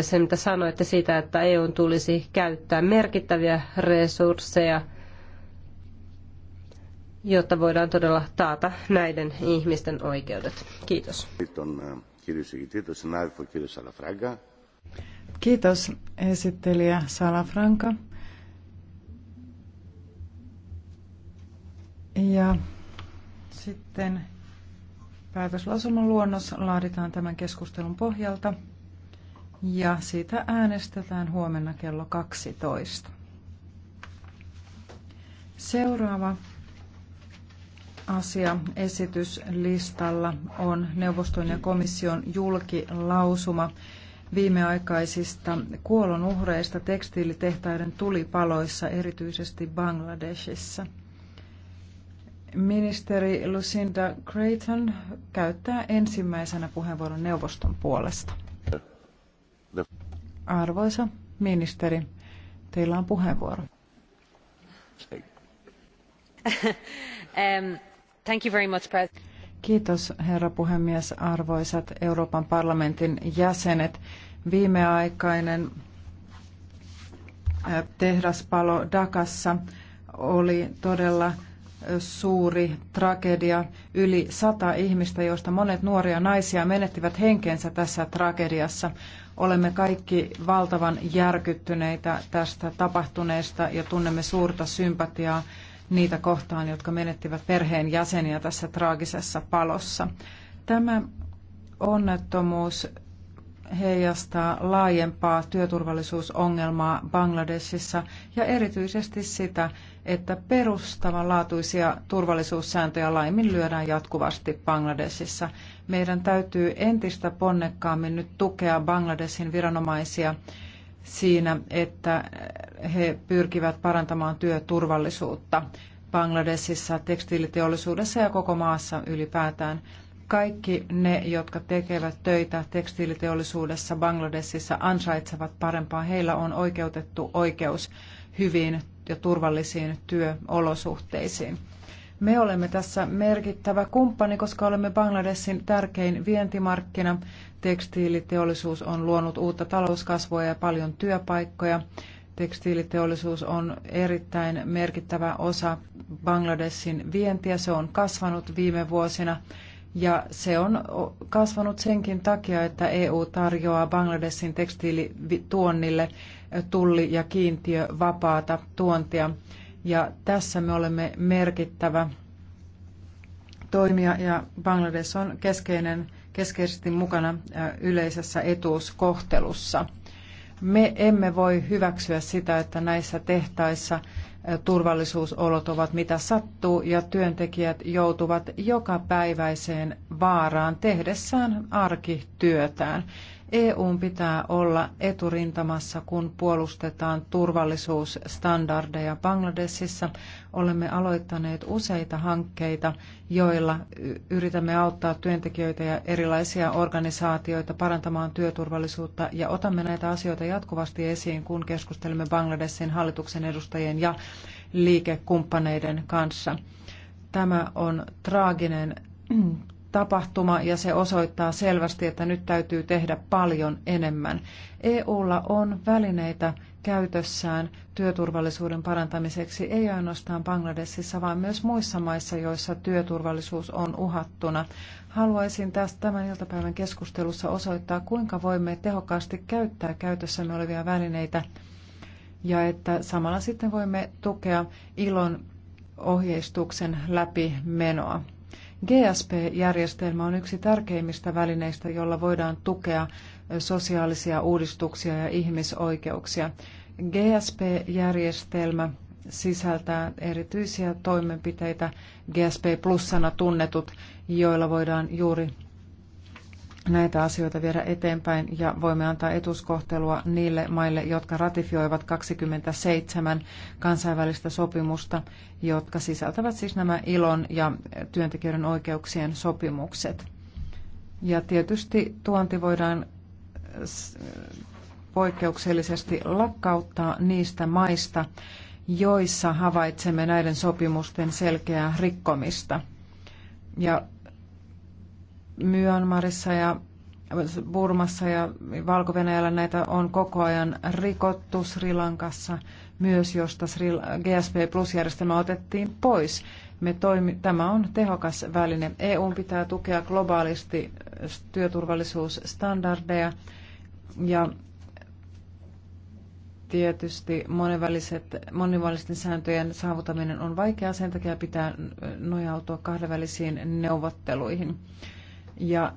se, mitä sanoitte siitä, että EUn tulisi käyttää merkittäviä resursseja, jotta voidaan todella taata näiden ihmisten oikeudet. Kiitos. Äh, Kiitos esittelijä Salafranca. Ja sitten päätöslausunnon luonnos laaditaan tämän keskustelun pohjalta ja siitä äänestetään huomenna kello 12. Seuraava asia esityslistalla on neuvoston ja komission julkilausuma viimeaikaisista kuolonuhreista tekstiilitehtaiden tulipaloissa, erityisesti Bangladeshissa. Ministeri Lucinda Creighton käyttää ensimmäisenä puheenvuoron neuvoston puolesta. Arvoisa ministeri, teillä on puheenvuoro. Um, thank you very much, President. Kiitos herra puhemies, arvoisat Euroopan parlamentin jäsenet. Viimeaikainen tehdaspalo Dakassa oli todella suuri tragedia. Yli sata ihmistä, joista monet nuoria naisia menettivät henkensä tässä tragediassa. Olemme kaikki valtavan järkyttyneitä tästä tapahtuneesta ja tunnemme suurta sympatiaa niitä kohtaan, jotka menettivät perheen jäseniä tässä traagisessa palossa. Tämä onnettomuus heijastaa laajempaa työturvallisuusongelmaa Bangladesissa ja erityisesti sitä, että perustavanlaatuisia turvallisuussääntöjä laiminlyödään jatkuvasti Bangladesissa. Meidän täytyy entistä ponnekkaammin nyt tukea Bangladesin viranomaisia siinä, että he pyrkivät parantamaan työturvallisuutta Bangladesissa, tekstiiliteollisuudessa ja koko maassa ylipäätään. Kaikki ne, jotka tekevät töitä tekstiiliteollisuudessa Bangladesissa, ansaitsevat parempaa. Heillä on oikeutettu oikeus hyviin ja turvallisiin työolosuhteisiin. Me olemme tässä merkittävä kumppani, koska olemme Bangladesin tärkein vientimarkkina. Tekstiiliteollisuus on luonut uutta talouskasvua ja paljon työpaikkoja. Tekstiiliteollisuus on erittäin merkittävä osa Bangladesin vientiä. Se on kasvanut viime vuosina ja se on kasvanut senkin takia, että EU tarjoaa Bangladesin tekstiilituonnille tulli- ja kiintiövapaata tuontia. Ja tässä me olemme merkittävä toimija ja Bangladesh on keskeinen, keskeisesti mukana yleisessä etuuskohtelussa. Me emme voi hyväksyä sitä, että näissä tehtaissa turvallisuusolot ovat mitä sattuu ja työntekijät joutuvat jokapäiväiseen vaaraan tehdessään arkityötään. EUn pitää olla eturintamassa, kun puolustetaan turvallisuusstandardeja. Bangladesissa olemme aloittaneet useita hankkeita, joilla yritämme auttaa työntekijöitä ja erilaisia organisaatioita parantamaan työturvallisuutta ja otamme näitä asioita jatkuvasti esiin, kun keskustelemme Bangladesin hallituksen edustajien ja liikekumppaneiden kanssa. Tämä on traaginen tapahtuma ja se osoittaa selvästi, että nyt täytyy tehdä paljon enemmän. EUlla on välineitä käytössään työturvallisuuden parantamiseksi, ei ainoastaan Bangladesissa, vaan myös muissa maissa, joissa työturvallisuus on uhattuna. Haluaisin tästä tämän iltapäivän keskustelussa osoittaa, kuinka voimme tehokkaasti käyttää käytössämme olevia välineitä ja että samalla sitten voimme tukea ilon ohjeistuksen läpimenoa. GSP-järjestelmä on yksi tärkeimmistä välineistä, jolla voidaan tukea sosiaalisia uudistuksia ja ihmisoikeuksia. GSP-järjestelmä sisältää erityisiä toimenpiteitä, GSP plussana tunnetut, joilla voidaan juuri näitä asioita viedä eteenpäin ja voimme antaa etuskohtelua niille maille, jotka ratifioivat 27 kansainvälistä sopimusta, jotka sisältävät siis nämä ilon ja työntekijöiden oikeuksien sopimukset. Ja tietysti tuonti voidaan poikkeuksellisesti lakkauttaa niistä maista, joissa havaitsemme näiden sopimusten selkeää rikkomista. Ja Myanmarissa ja Burmassa ja valko näitä on koko ajan rikottu Sri Lankassa myös, josta GSP Plus-järjestelmä otettiin pois. Me toimi, tämä on tehokas väline. EU pitää tukea globaalisti työturvallisuusstandardeja ja tietysti monenväliset, sääntöjen saavutaminen on vaikeaa, sen takia pitää nojautua kahdenvälisiin neuvotteluihin. Ja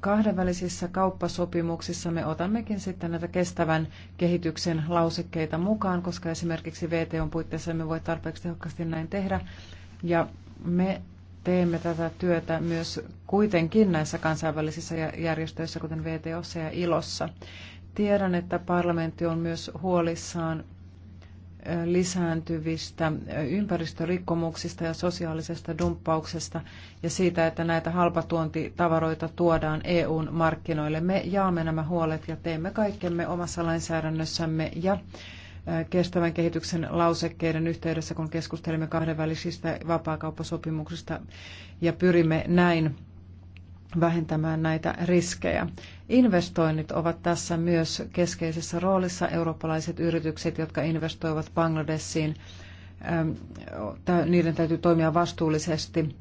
kahdenvälisissä kauppasopimuksissa me otammekin sitten näitä kestävän kehityksen lausekkeita mukaan, koska esimerkiksi VTOn puitteissa me voi tarpeeksi tehokkaasti näin tehdä. Ja me teemme tätä työtä myös kuitenkin näissä kansainvälisissä järjestöissä, kuten VTOssa ja ILOssa. Tiedän, että parlamentti on myös huolissaan lisääntyvistä ympäristörikkomuksista ja sosiaalisesta dumppauksesta ja siitä, että näitä halpatuontitavaroita tuodaan EUn markkinoille. Me jaamme nämä huolet ja teemme kaikkemme omassa lainsäädännössämme ja äh, kestävän kehityksen lausekkeiden yhteydessä, kun keskustelemme kahdenvälisistä vapaakauppasopimuksista ja pyrimme näin vähentämään näitä riskejä. Investoinnit ovat tässä myös keskeisessä roolissa. Eurooppalaiset yritykset, jotka investoivat Bangladesiin, niiden täytyy toimia vastuullisesti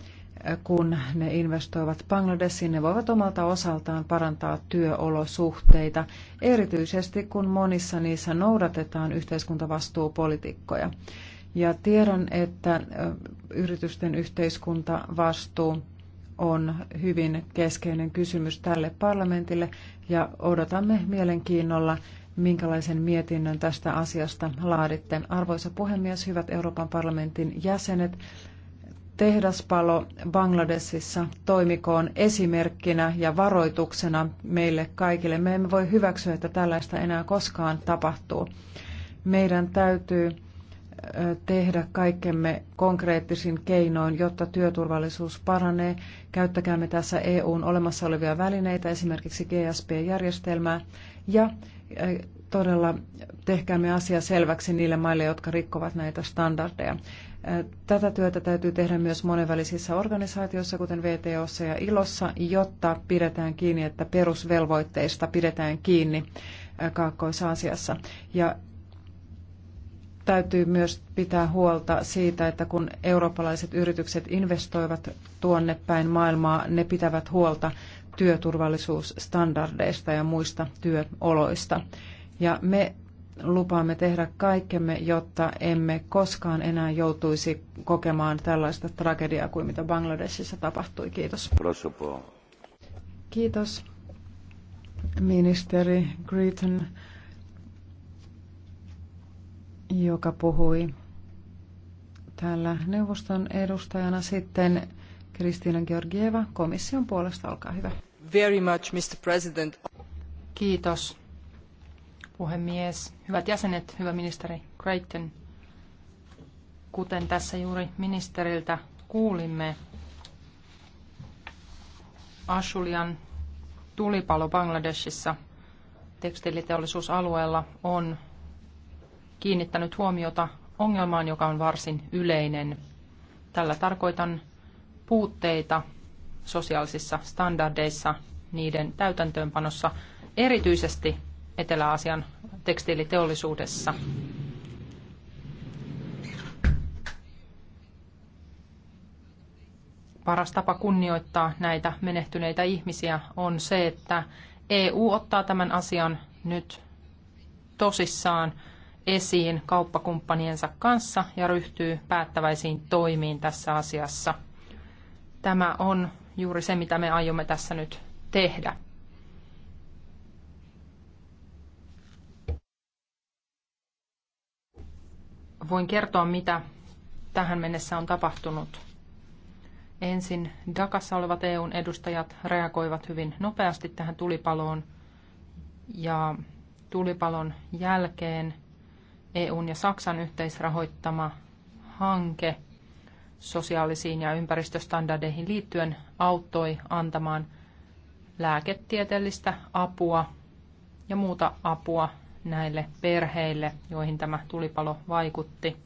kun ne investoivat Bangladesiin, ne voivat omalta osaltaan parantaa työolosuhteita, erityisesti kun monissa niissä noudatetaan yhteiskuntavastuupolitiikkoja. Ja tiedän, että yritysten yhteiskuntavastuu on hyvin keskeinen kysymys tälle parlamentille ja odotamme mielenkiinnolla, minkälaisen mietinnön tästä asiasta laaditte. Arvoisa puhemies, hyvät Euroopan parlamentin jäsenet, tehdaspalo Bangladesissa toimikoon esimerkkinä ja varoituksena meille kaikille. Me emme voi hyväksyä, että tällaista enää koskaan tapahtuu. Meidän täytyy tehdä kaikkemme konkreettisin keinoin, jotta työturvallisuus paranee. Käyttäkäämme tässä EUn olemassa olevia välineitä, esimerkiksi GSP-järjestelmää, ja äh, todella tehkäämme asia selväksi niille maille, jotka rikkovat näitä standardeja. Äh, tätä työtä täytyy tehdä myös monenvälisissä organisaatioissa, kuten VTOssa ja ILOssa, jotta pidetään kiinni, että perusvelvoitteista pidetään kiinni äh, Kaakkois-Aasiassa. Ja täytyy myös pitää huolta siitä, että kun eurooppalaiset yritykset investoivat tuonne päin maailmaa, ne pitävät huolta työturvallisuusstandardeista ja muista työoloista. Ja me lupaamme tehdä kaikkemme, jotta emme koskaan enää joutuisi kokemaan tällaista tragediaa kuin mitä Bangladesissa tapahtui. Kiitos. Kiitos, ministeri Greeton joka puhui täällä neuvoston edustajana. Sitten Kristiina Georgieva komission puolesta, olkaa hyvä. Very much, Mr. President. Kiitos, puhemies. Hyvät jäsenet, hyvä ministeri Creighton. Kuten tässä juuri ministeriltä kuulimme, Ashulian tulipalo Bangladeshissa tekstiiliteollisuusalueella on kiinnittänyt huomiota ongelmaan, joka on varsin yleinen. Tällä tarkoitan puutteita sosiaalisissa standardeissa, niiden täytäntöönpanossa, erityisesti Etelä-Aasian tekstiiliteollisuudessa. Paras tapa kunnioittaa näitä menehtyneitä ihmisiä on se, että EU ottaa tämän asian nyt tosissaan esiin kauppakumppaniensa kanssa ja ryhtyy päättäväisiin toimiin tässä asiassa. Tämä on juuri se, mitä me aiomme tässä nyt tehdä. Voin kertoa, mitä tähän mennessä on tapahtunut. Ensin Dakassa olevat EUn edustajat reagoivat hyvin nopeasti tähän tulipaloon ja tulipalon jälkeen – EUn ja Saksan yhteisrahoittama hanke sosiaalisiin ja ympäristöstandardeihin liittyen auttoi antamaan lääketieteellistä apua ja muuta apua näille perheille, joihin tämä tulipalo vaikutti.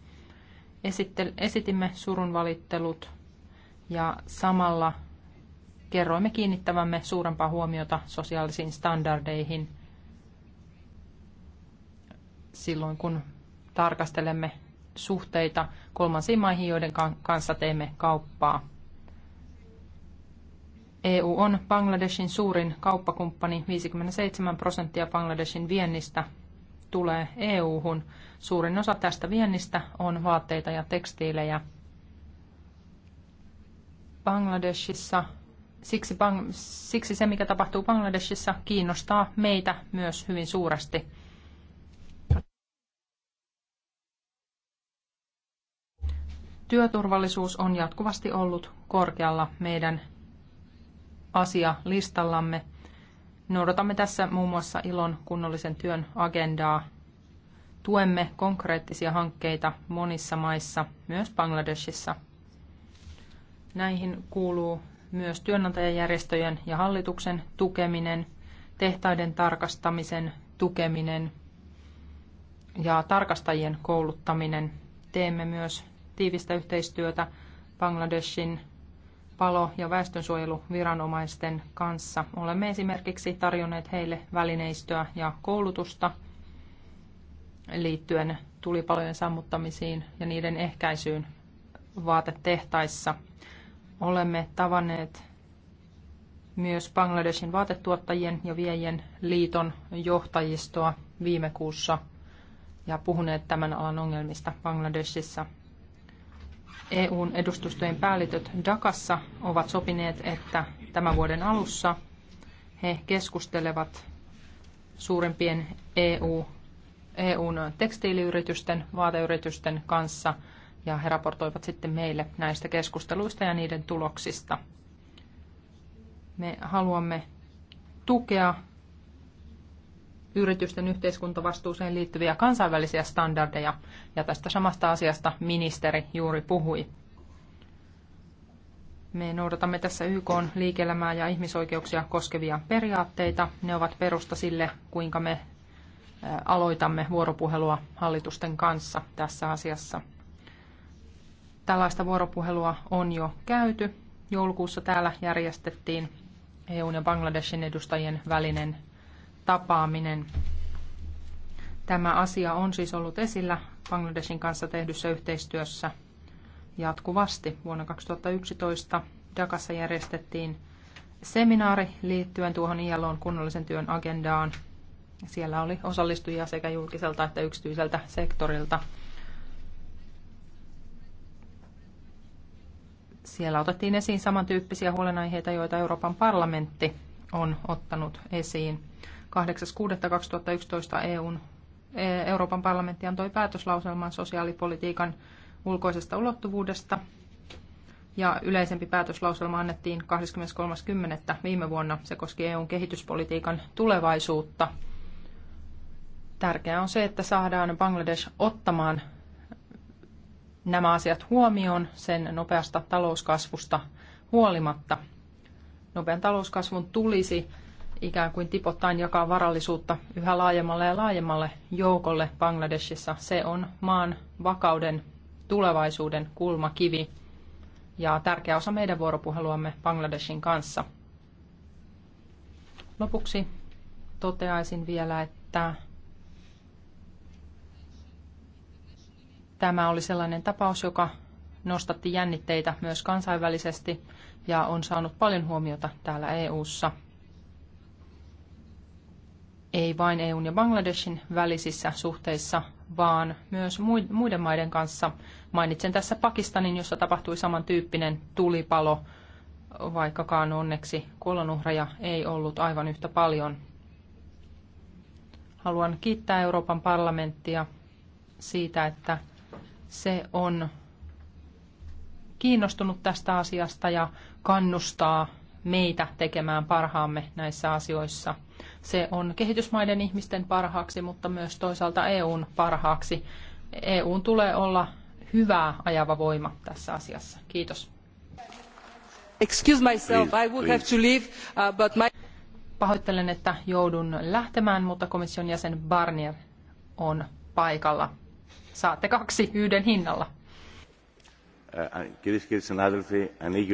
Esitimme surunvalittelut ja samalla kerroimme kiinnittävämme suurempaa huomiota sosiaalisiin standardeihin silloin, kun tarkastelemme suhteita kolmansiin maihin, joiden kanssa teemme kauppaa. EU on Bangladeshin suurin kauppakumppani. 57 prosenttia Bangladeshin viennistä tulee EU-hun. Suurin osa tästä viennistä on vaatteita ja tekstiilejä. Bangladeshissa, siksi, bang, siksi se mikä tapahtuu Bangladeshissa kiinnostaa meitä myös hyvin suuresti. Työturvallisuus on jatkuvasti ollut korkealla meidän asialistallamme. Noudatamme tässä muun muassa ilon kunnollisen työn agendaa. Tuemme konkreettisia hankkeita monissa maissa, myös Bangladesissa. Näihin kuuluu myös työnantajajärjestöjen ja hallituksen tukeminen, tehtaiden tarkastamisen tukeminen ja tarkastajien kouluttaminen. Teemme myös tiivistä yhteistyötä Bangladeshin palo- ja väestönsuojeluviranomaisten kanssa. Olemme esimerkiksi tarjonneet heille välineistöä ja koulutusta liittyen tulipalojen sammuttamisiin ja niiden ehkäisyyn vaatetehtaissa. Olemme tavanneet myös Bangladeshin vaatetuottajien ja viejien liiton johtajistoa viime kuussa ja puhuneet tämän alan ongelmista Bangladesissa. EUn edustustojen päälliköt Dakassa ovat sopineet, että tämän vuoden alussa he keskustelevat suurimpien EU, EUn tekstiiliyritysten, vaateyritysten kanssa ja he raportoivat sitten meille näistä keskusteluista ja niiden tuloksista. Me haluamme tukea yritysten yhteiskuntavastuuseen liittyviä kansainvälisiä standardeja, ja tästä samasta asiasta ministeri juuri puhui. Me noudatamme tässä YK liike ja ihmisoikeuksia koskevia periaatteita. Ne ovat perusta sille, kuinka me aloitamme vuoropuhelua hallitusten kanssa tässä asiassa. Tällaista vuoropuhelua on jo käyty. Joulukuussa täällä järjestettiin EUn ja Bangladeshin edustajien välinen tapaaminen. Tämä asia on siis ollut esillä Bangladeshin kanssa tehdyssä yhteistyössä jatkuvasti. Vuonna 2011 Dakassa järjestettiin seminaari liittyen tuohon ILOn kunnollisen työn agendaan. Siellä oli osallistujia sekä julkiselta että yksityiseltä sektorilta. Siellä otettiin esiin samantyyppisiä huolenaiheita, joita Euroopan parlamentti on ottanut esiin. 8.6.2011 EUn, e, Euroopan parlamentti antoi päätöslauselman sosiaalipolitiikan ulkoisesta ulottuvuudesta ja yleisempi päätöslauselma annettiin 23.10. viime vuonna. Se koski EUn kehityspolitiikan tulevaisuutta. Tärkeää on se, että saadaan Bangladesh ottamaan nämä asiat huomioon sen nopeasta talouskasvusta huolimatta. Nopean talouskasvun tulisi ikään kuin tipottain jakaa varallisuutta yhä laajemmalle ja laajemmalle joukolle Bangladeshissa. Se on maan vakauden tulevaisuuden kulmakivi ja tärkeä osa meidän vuoropuheluamme Bangladeshin kanssa. Lopuksi toteaisin vielä, että tämä oli sellainen tapaus, joka nostatti jännitteitä myös kansainvälisesti ja on saanut paljon huomiota täällä EU:ssa ei vain EUn ja Bangladeshin välisissä suhteissa, vaan myös muiden maiden kanssa. Mainitsen tässä Pakistanin, jossa tapahtui samantyyppinen tulipalo, vaikkakaan onneksi kuolonuhreja ei ollut aivan yhtä paljon. Haluan kiittää Euroopan parlamenttia siitä, että se on kiinnostunut tästä asiasta ja kannustaa meitä tekemään parhaamme näissä asioissa. Se on kehitysmaiden ihmisten parhaaksi, mutta myös toisaalta EUn parhaaksi. EUn tulee olla hyvää ajava voima tässä asiassa. Kiitos. Excuse myself, I would have to leave, uh, but my... Pahoittelen, että joudun lähtemään, mutta komission jäsen Barnier on paikalla. Saatte kaksi yhden hinnalla. Κυρίες και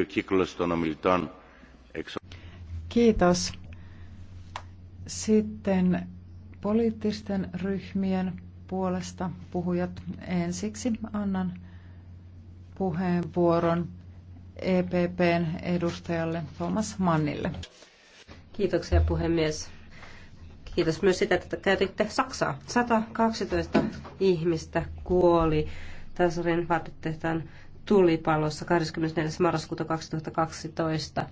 κύριοι Kiitos. Sitten poliittisten ryhmien puolesta puhujat. Ensiksi annan puheenvuoron EPPn edustajalle Thomas Mannille. Kiitoksia puhemies. Kiitos myös sitä, että käytitte Saksaa. 112 ihmistä kuoli Tasarin vaatetehtaan tulipalossa 24. marraskuuta 2012.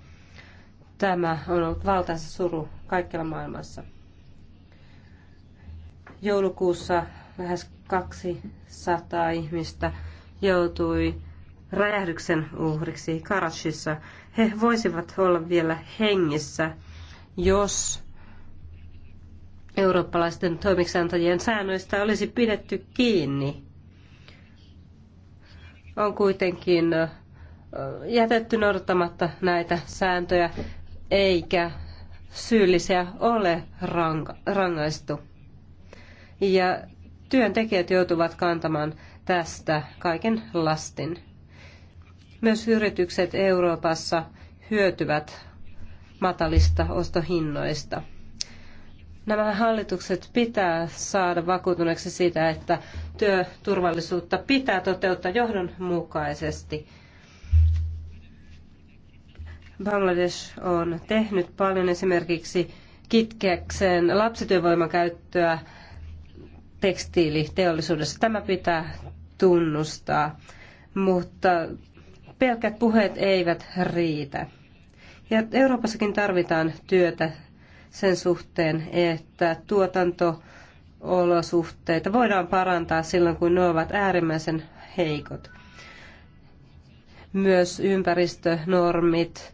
Tämä on ollut valtaisa suru kaikkialla maailmassa. Joulukuussa lähes 200 ihmistä joutui räjähdyksen uhriksi Karachissa. He voisivat olla vielä hengissä, jos eurooppalaisten toimiksantajien säännöistä olisi pidetty kiinni. On kuitenkin jätetty noudattamatta näitä sääntöjä eikä syyllisiä ole rangaistu. Ja työntekijät joutuvat kantamaan tästä kaiken lastin. Myös yritykset Euroopassa hyötyvät matalista ostohinnoista. Nämä hallitukset pitää saada vakuutuneeksi siitä, että työturvallisuutta pitää toteuttaa johdonmukaisesti – Bangladesh on tehnyt paljon esimerkiksi kitkeäkseen lapsityövoiman käyttöä tekstiiliteollisuudessa. Tämä pitää tunnustaa, mutta pelkät puheet eivät riitä. Ja Euroopassakin tarvitaan työtä sen suhteen, että tuotantoolosuhteita voidaan parantaa silloin, kun ne ovat äärimmäisen heikot. Myös ympäristönormit,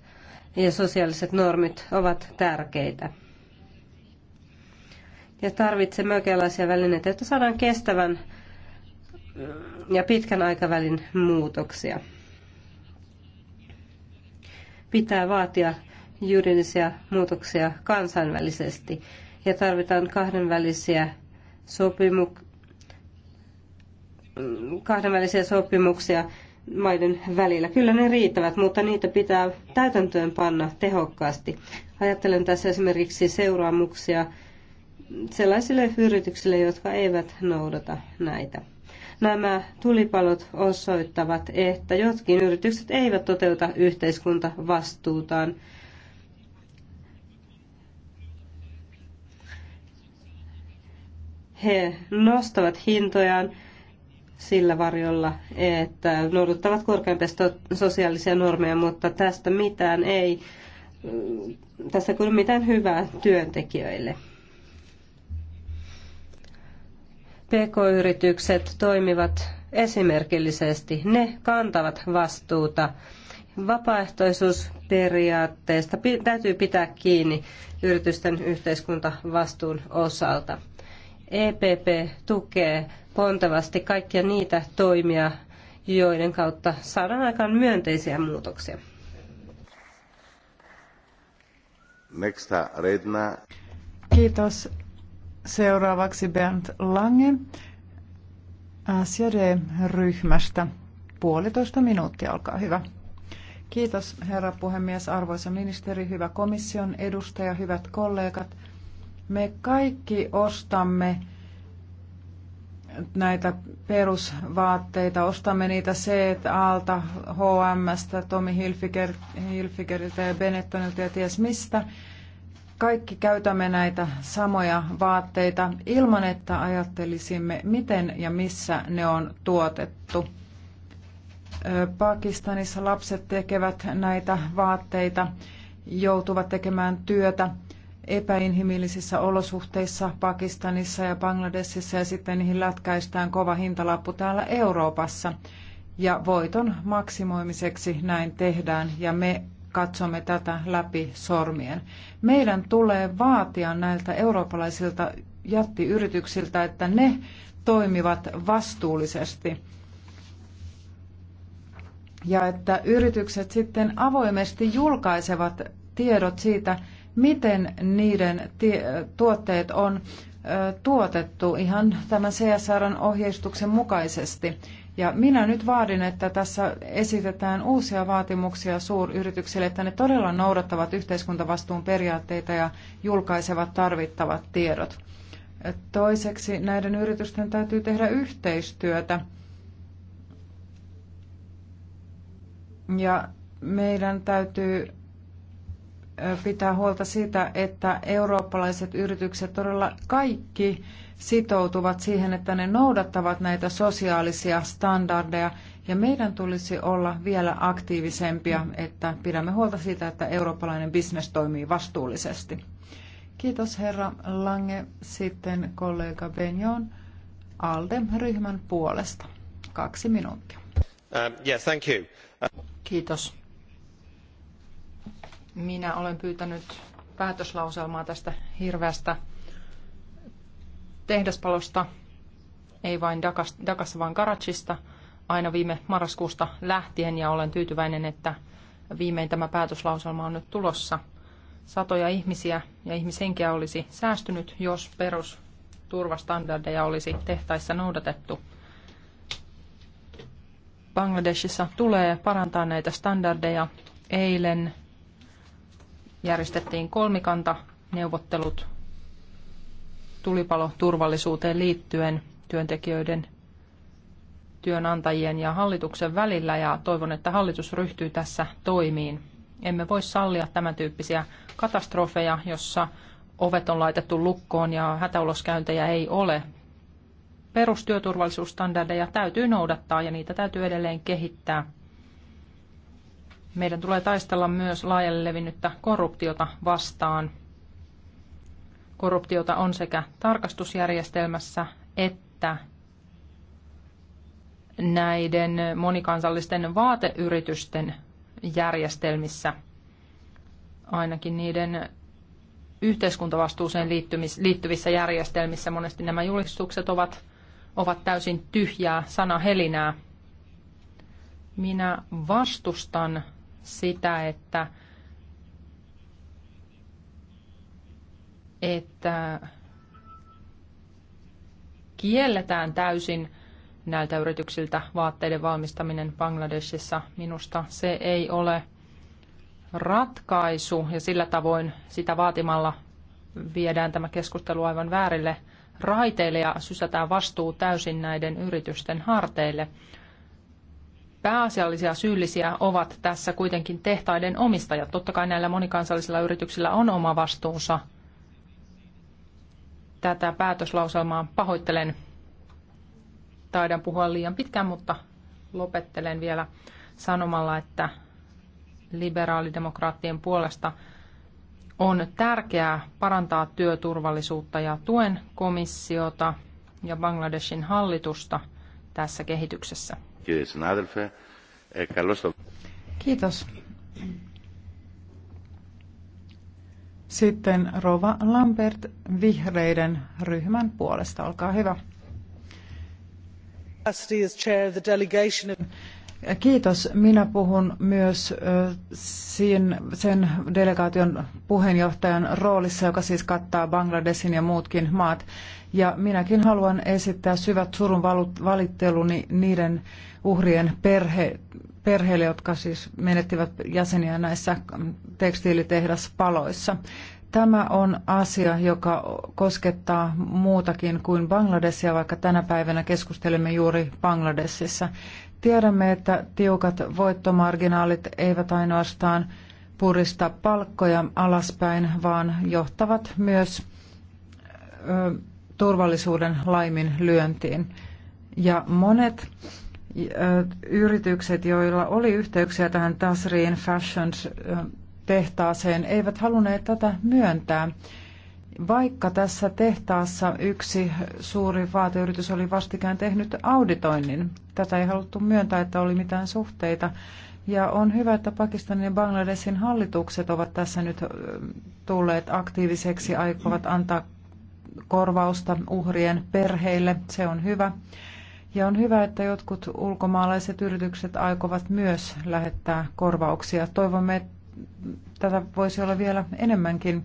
ja sosiaaliset normit ovat tärkeitä. Ja tarvitsemme oikeanlaisia välineitä, jotta saadaan kestävän mm, ja pitkän aikavälin muutoksia. Pitää vaatia juridisia muutoksia kansainvälisesti ja tarvitaan kahdenvälisiä, sopimuk- mm, kahdenvälisiä sopimuksia maiden välillä. Kyllä ne riittävät, mutta niitä pitää täytäntöön panna tehokkaasti. Ajattelen tässä esimerkiksi seuraamuksia sellaisille yrityksille, jotka eivät noudata näitä. Nämä tulipalot osoittavat, että jotkin yritykset eivät toteuta yhteiskuntavastuutaan. He nostavat hintojaan sillä varjolla, että noudattavat korkeampia sosiaalisia normeja, mutta tästä mitään ei, tästä ei mitään hyvää työntekijöille. PK-yritykset toimivat esimerkillisesti. Ne kantavat vastuuta. Vapaaehtoisuusperiaatteesta täytyy pitää kiinni yritysten yhteiskuntavastuun osalta. EPP tukee pontevasti kaikkia niitä toimia, joiden kautta saadaan aikaan myönteisiä muutoksia. redna. Kiitos. Seuraavaksi Bernd Lange SJD-ryhmästä. Puolitoista minuuttia, olkaa hyvä. Kiitos herra puhemies, arvoisa ministeri, hyvä komission edustaja, hyvät kollegat. Me kaikki ostamme näitä perusvaatteita. Ostamme niitä C-alta, HMstä, Tommy Hilfiger, Hilfigeriltä ja Benettonilta ja ties mistä. Kaikki käytämme näitä samoja vaatteita ilman, että ajattelisimme, miten ja missä ne on tuotettu. Pakistanissa lapset tekevät näitä vaatteita, joutuvat tekemään työtä epäinhimillisissä olosuhteissa Pakistanissa ja Bangladesissa ja sitten niihin lätkäistään kova hintalappu täällä Euroopassa. Ja voiton maksimoimiseksi näin tehdään ja me katsomme tätä läpi sormien. Meidän tulee vaatia näiltä eurooppalaisilta jättiyrityksiltä, että ne toimivat vastuullisesti ja että yritykset sitten avoimesti julkaisevat tiedot siitä, miten niiden tuotteet on tuotettu ihan tämän CSRn ohjeistuksen mukaisesti. Ja minä nyt vaadin, että tässä esitetään uusia vaatimuksia suuryrityksille, että ne todella noudattavat yhteiskuntavastuun periaatteita ja julkaisevat tarvittavat tiedot. Toiseksi näiden yritysten täytyy tehdä yhteistyötä. Ja meidän täytyy pitää huolta siitä, että eurooppalaiset yritykset todella kaikki sitoutuvat siihen, että ne noudattavat näitä sosiaalisia standardeja. Ja meidän tulisi olla vielä aktiivisempia, että pidämme huolta siitä, että eurooppalainen bisnes toimii vastuullisesti. Kiitos herra Lange. Sitten kollega Benjon ALDE-ryhmän puolesta. Kaksi minuuttia. Uh, yeah, thank you. Uh... Kiitos minä olen pyytänyt päätöslauselmaa tästä hirveästä tehdaspalosta, ei vain Dakassa, vaan Karachista, aina viime marraskuusta lähtien, ja olen tyytyväinen, että viimein tämä päätöslauselma on nyt tulossa. Satoja ihmisiä ja ihmishenkiä olisi säästynyt, jos perusturvastandardeja olisi tehtaissa noudatettu. Bangladesissa tulee parantaa näitä standardeja. Eilen järjestettiin kolmikanta neuvottelut tulipaloturvallisuuteen liittyen työntekijöiden, työnantajien ja hallituksen välillä ja toivon, että hallitus ryhtyy tässä toimiin. Emme voi sallia tämän tyyppisiä katastrofeja, jossa ovet on laitettu lukkoon ja hätäuloskäyntejä ei ole. Perustyöturvallisuusstandardeja täytyy noudattaa ja niitä täytyy edelleen kehittää – meidän tulee taistella myös laajalle levinnyttä korruptiota vastaan. Korruptiota on sekä tarkastusjärjestelmässä että näiden monikansallisten vaateyritysten järjestelmissä, ainakin niiden yhteiskuntavastuuseen liittyvissä järjestelmissä. Monesti nämä julistukset ovat, ovat täysin tyhjää sanahelinää. Minä vastustan sitä, että, että kielletään täysin näiltä yrityksiltä vaatteiden valmistaminen Bangladesissa. Minusta se ei ole ratkaisu ja sillä tavoin sitä vaatimalla viedään tämä keskustelu aivan väärille raiteille ja sysätään vastuu täysin näiden yritysten harteille pääasiallisia syyllisiä ovat tässä kuitenkin tehtaiden omistajat. Totta kai näillä monikansallisilla yrityksillä on oma vastuunsa. Tätä päätöslauselmaa pahoittelen. Taidan puhua liian pitkään, mutta lopettelen vielä sanomalla, että liberaalidemokraattien puolesta on tärkeää parantaa työturvallisuutta ja tuen komissiota ja Bangladeshin hallitusta tässä kehityksessä κύριε συνάδελφε. Ε, καλώς Kiitos. Sitten Rova Lambert vihreiden ryhmän puolesta. Olkaa hyvä. Kiitos. Minä puhun myös sen delegaation puheenjohtajan roolissa, joka siis kattaa Bangladesin ja muutkin maat. Ja minäkin haluan esittää syvät surun valitteluni niiden uhrien perhe, perheille, jotka siis menettivät jäseniä näissä tekstiilitehdaspaloissa. Tämä on asia, joka koskettaa muutakin kuin Bangladesia, vaikka tänä päivänä keskustelemme juuri Bangladesissa. Tiedämme, että tiukat voittomarginaalit eivät ainoastaan purista palkkoja alaspäin, vaan johtavat myös ö, turvallisuuden laiminlyöntiin. Ja monet yritykset, joilla oli yhteyksiä tähän Tasriin Fashions tehtaaseen, eivät halunneet tätä myöntää. Vaikka tässä tehtaassa yksi suuri vaateyritys oli vastikään tehnyt auditoinnin, tätä ei haluttu myöntää, että oli mitään suhteita. Ja on hyvä, että Pakistanin ja Bangladesin hallitukset ovat tässä nyt tulleet aktiiviseksi, aikovat antaa korvausta uhrien perheille. Se on hyvä. Ja on hyvä, että jotkut ulkomaalaiset yritykset aikovat myös lähettää korvauksia. Toivomme, että tätä voisi olla vielä enemmänkin.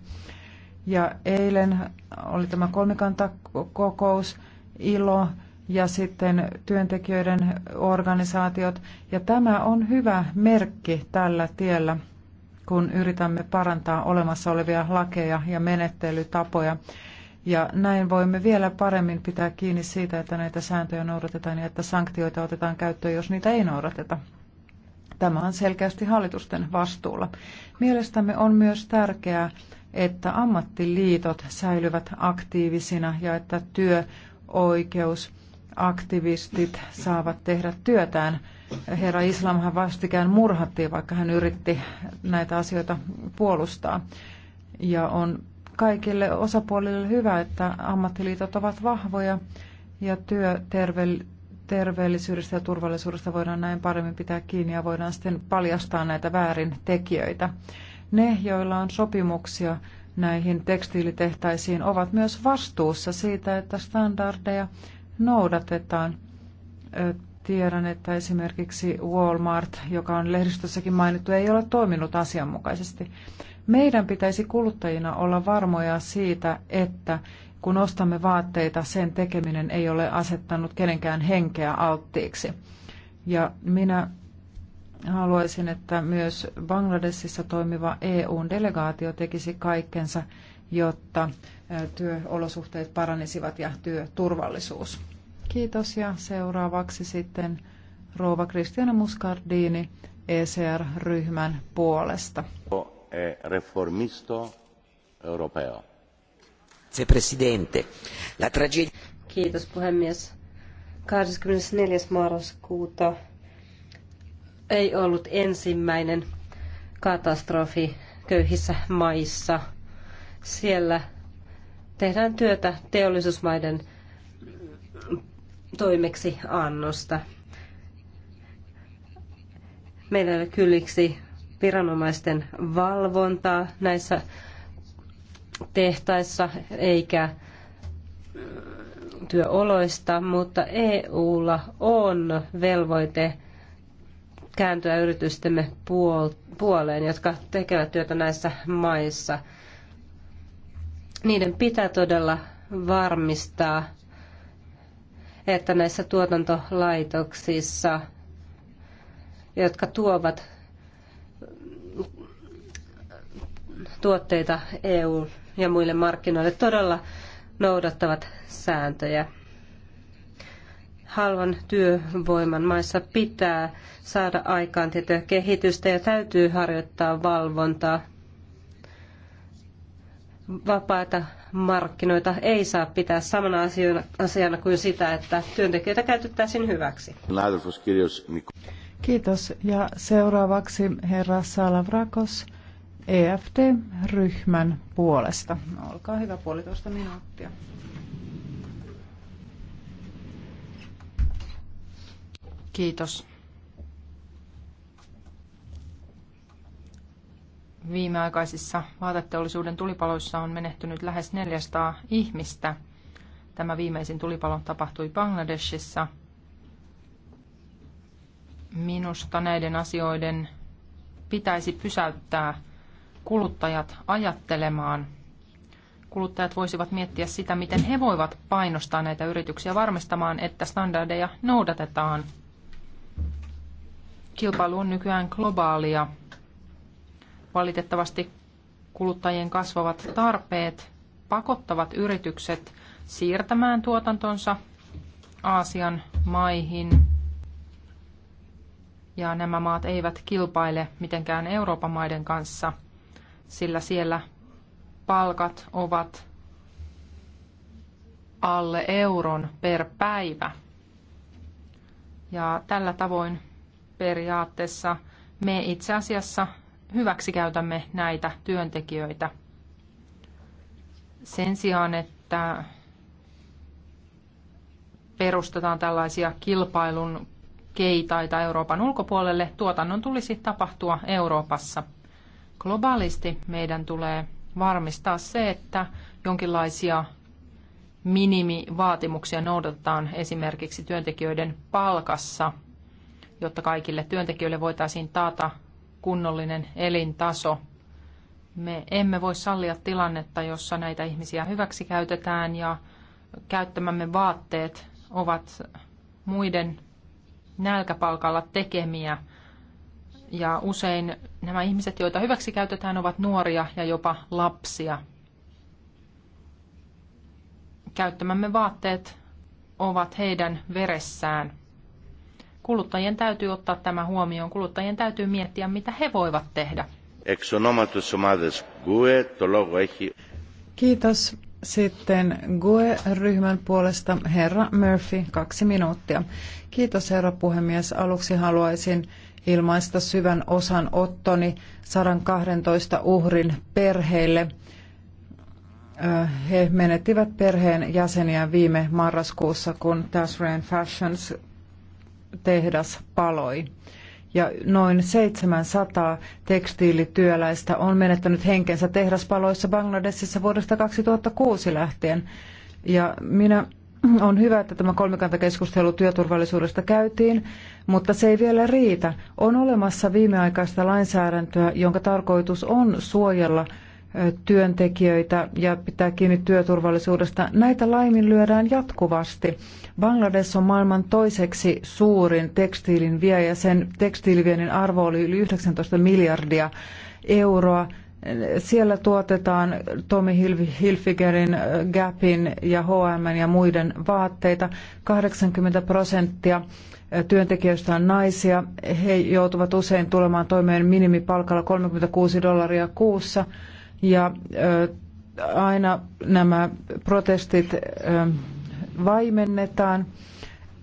Ja eilen oli tämä kolmikantakokous, ILO ja sitten työntekijöiden organisaatiot. Ja tämä on hyvä merkki tällä tiellä, kun yritämme parantaa olemassa olevia lakeja ja menettelytapoja. Ja näin voimme vielä paremmin pitää kiinni siitä, että näitä sääntöjä noudatetaan ja että sanktioita otetaan käyttöön, jos niitä ei noudateta. Tämä on selkeästi hallitusten vastuulla. Mielestämme on myös tärkeää, että ammattiliitot säilyvät aktiivisina ja että työoikeusaktivistit saavat tehdä työtään. Herra Islamhan vastikään murhattiin, vaikka hän yritti näitä asioita puolustaa. Ja on kaikille osapuolille hyvä, että ammattiliitot ovat vahvoja ja työterveellisyydestä terveellisyydestä ja turvallisuudesta voidaan näin paremmin pitää kiinni ja voidaan sitten paljastaa näitä väärin tekijöitä. Ne, joilla on sopimuksia näihin tekstiilitehtaisiin, ovat myös vastuussa siitä, että standardeja noudatetaan. Tiedän, että esimerkiksi Walmart, joka on lehdistössäkin mainittu, ei ole toiminut asianmukaisesti. Meidän pitäisi kuluttajina olla varmoja siitä, että kun ostamme vaatteita, sen tekeminen ei ole asettanut kenenkään henkeä alttiiksi. Ja minä haluaisin, että myös Bangladesissa toimiva EU-delegaatio tekisi kaikkensa, jotta työolosuhteet paranisivat ja työturvallisuus. Kiitos ja seuraavaksi sitten rouva Kristiana Muscardini ECR-ryhmän puolesta arvoisa puhemies. 24. marraskuuta ei ollut ensimmäinen katastrofi köyhissä maissa. Siellä tehdään työtä teollisuusmaiden toimeksi annosta. Meillä ei ole kylliksi viranomaisten valvontaa näissä tehtaissa eikä mm, työoloista, mutta EUlla on velvoite kääntyä yritystemme puoleen, jotka tekevät työtä näissä maissa. Niiden pitää todella varmistaa, että näissä tuotantolaitoksissa, jotka tuovat tuotteita EU- ja muille markkinoille todella noudattavat sääntöjä. Halvan työvoiman maissa pitää saada aikaan tiettyä kehitystä ja täytyy harjoittaa valvontaa. Vapaata markkinoita ei saa pitää samana asiana, asiana kuin sitä, että työntekijöitä käytettäisiin hyväksi. Kiitos. Ja seuraavaksi herra Salavrakos EFT-ryhmän puolesta. Olkaa hyvä, puolitoista minuuttia. Kiitos. Viimeaikaisissa vaateteollisuuden tulipaloissa on menehtynyt lähes 400 ihmistä. Tämä viimeisin tulipalo tapahtui Bangladeshissa. Minusta näiden asioiden pitäisi pysäyttää kuluttajat ajattelemaan. Kuluttajat voisivat miettiä sitä, miten he voivat painostaa näitä yrityksiä varmistamaan, että standardeja noudatetaan. Kilpailu on nykyään globaalia. Valitettavasti kuluttajien kasvavat tarpeet pakottavat yritykset siirtämään tuotantonsa Aasian maihin. Ja nämä maat eivät kilpaile mitenkään Euroopan maiden kanssa – sillä siellä palkat ovat alle euron per päivä. Ja tällä tavoin periaatteessa me itse asiassa hyväksikäytämme näitä työntekijöitä. Sen sijaan, että perustetaan tällaisia kilpailun keitaita Euroopan ulkopuolelle, tuotannon tulisi tapahtua Euroopassa – Globaalisti meidän tulee varmistaa se, että jonkinlaisia minimivaatimuksia noudatetaan esimerkiksi työntekijöiden palkassa, jotta kaikille työntekijöille voitaisiin taata kunnollinen elintaso. Me emme voi sallia tilannetta, jossa näitä ihmisiä hyväksi käytetään ja käyttämämme vaatteet ovat muiden nälkäpalkalla tekemiä ja usein nämä ihmiset, joita hyväksi käytetään, ovat nuoria ja jopa lapsia. Käyttämämme vaatteet ovat heidän veressään. Kuluttajien täytyy ottaa tämä huomioon. Kuluttajien täytyy miettiä, mitä he voivat tehdä. Kiitos. Sitten GUE-ryhmän puolesta herra Murphy, kaksi minuuttia. Kiitos herra puhemies. Aluksi haluaisin ilmaista syvän ottoni 112 uhrin perheille. He menettivät perheen jäseniä viime marraskuussa, kun Tasran Fashions tehdas paloi. Ja noin 700 tekstiilityöläistä on menettänyt henkensä tehdaspaloissa Bangladesissa vuodesta 2006 lähtien. Ja minä on hyvä, että tämä kolmikantakeskustelu työturvallisuudesta käytiin, mutta se ei vielä riitä. On olemassa viimeaikaista lainsäädäntöä, jonka tarkoitus on suojella työntekijöitä ja pitää kiinni työturvallisuudesta. Näitä laiminlyödään jatkuvasti. Bangladesh on maailman toiseksi suurin tekstiilin viejä. Sen tekstiiliviennin arvo oli yli 19 miljardia euroa. Siellä tuotetaan Tommy Hilfigerin, äh, Gapin ja H&M ja muiden vaatteita. 80 prosenttia äh, työntekijöistä on naisia. He joutuvat usein tulemaan toimeen minimipalkalla 36 dollaria kuussa. Ja äh, aina nämä protestit ähm, vaimennetaan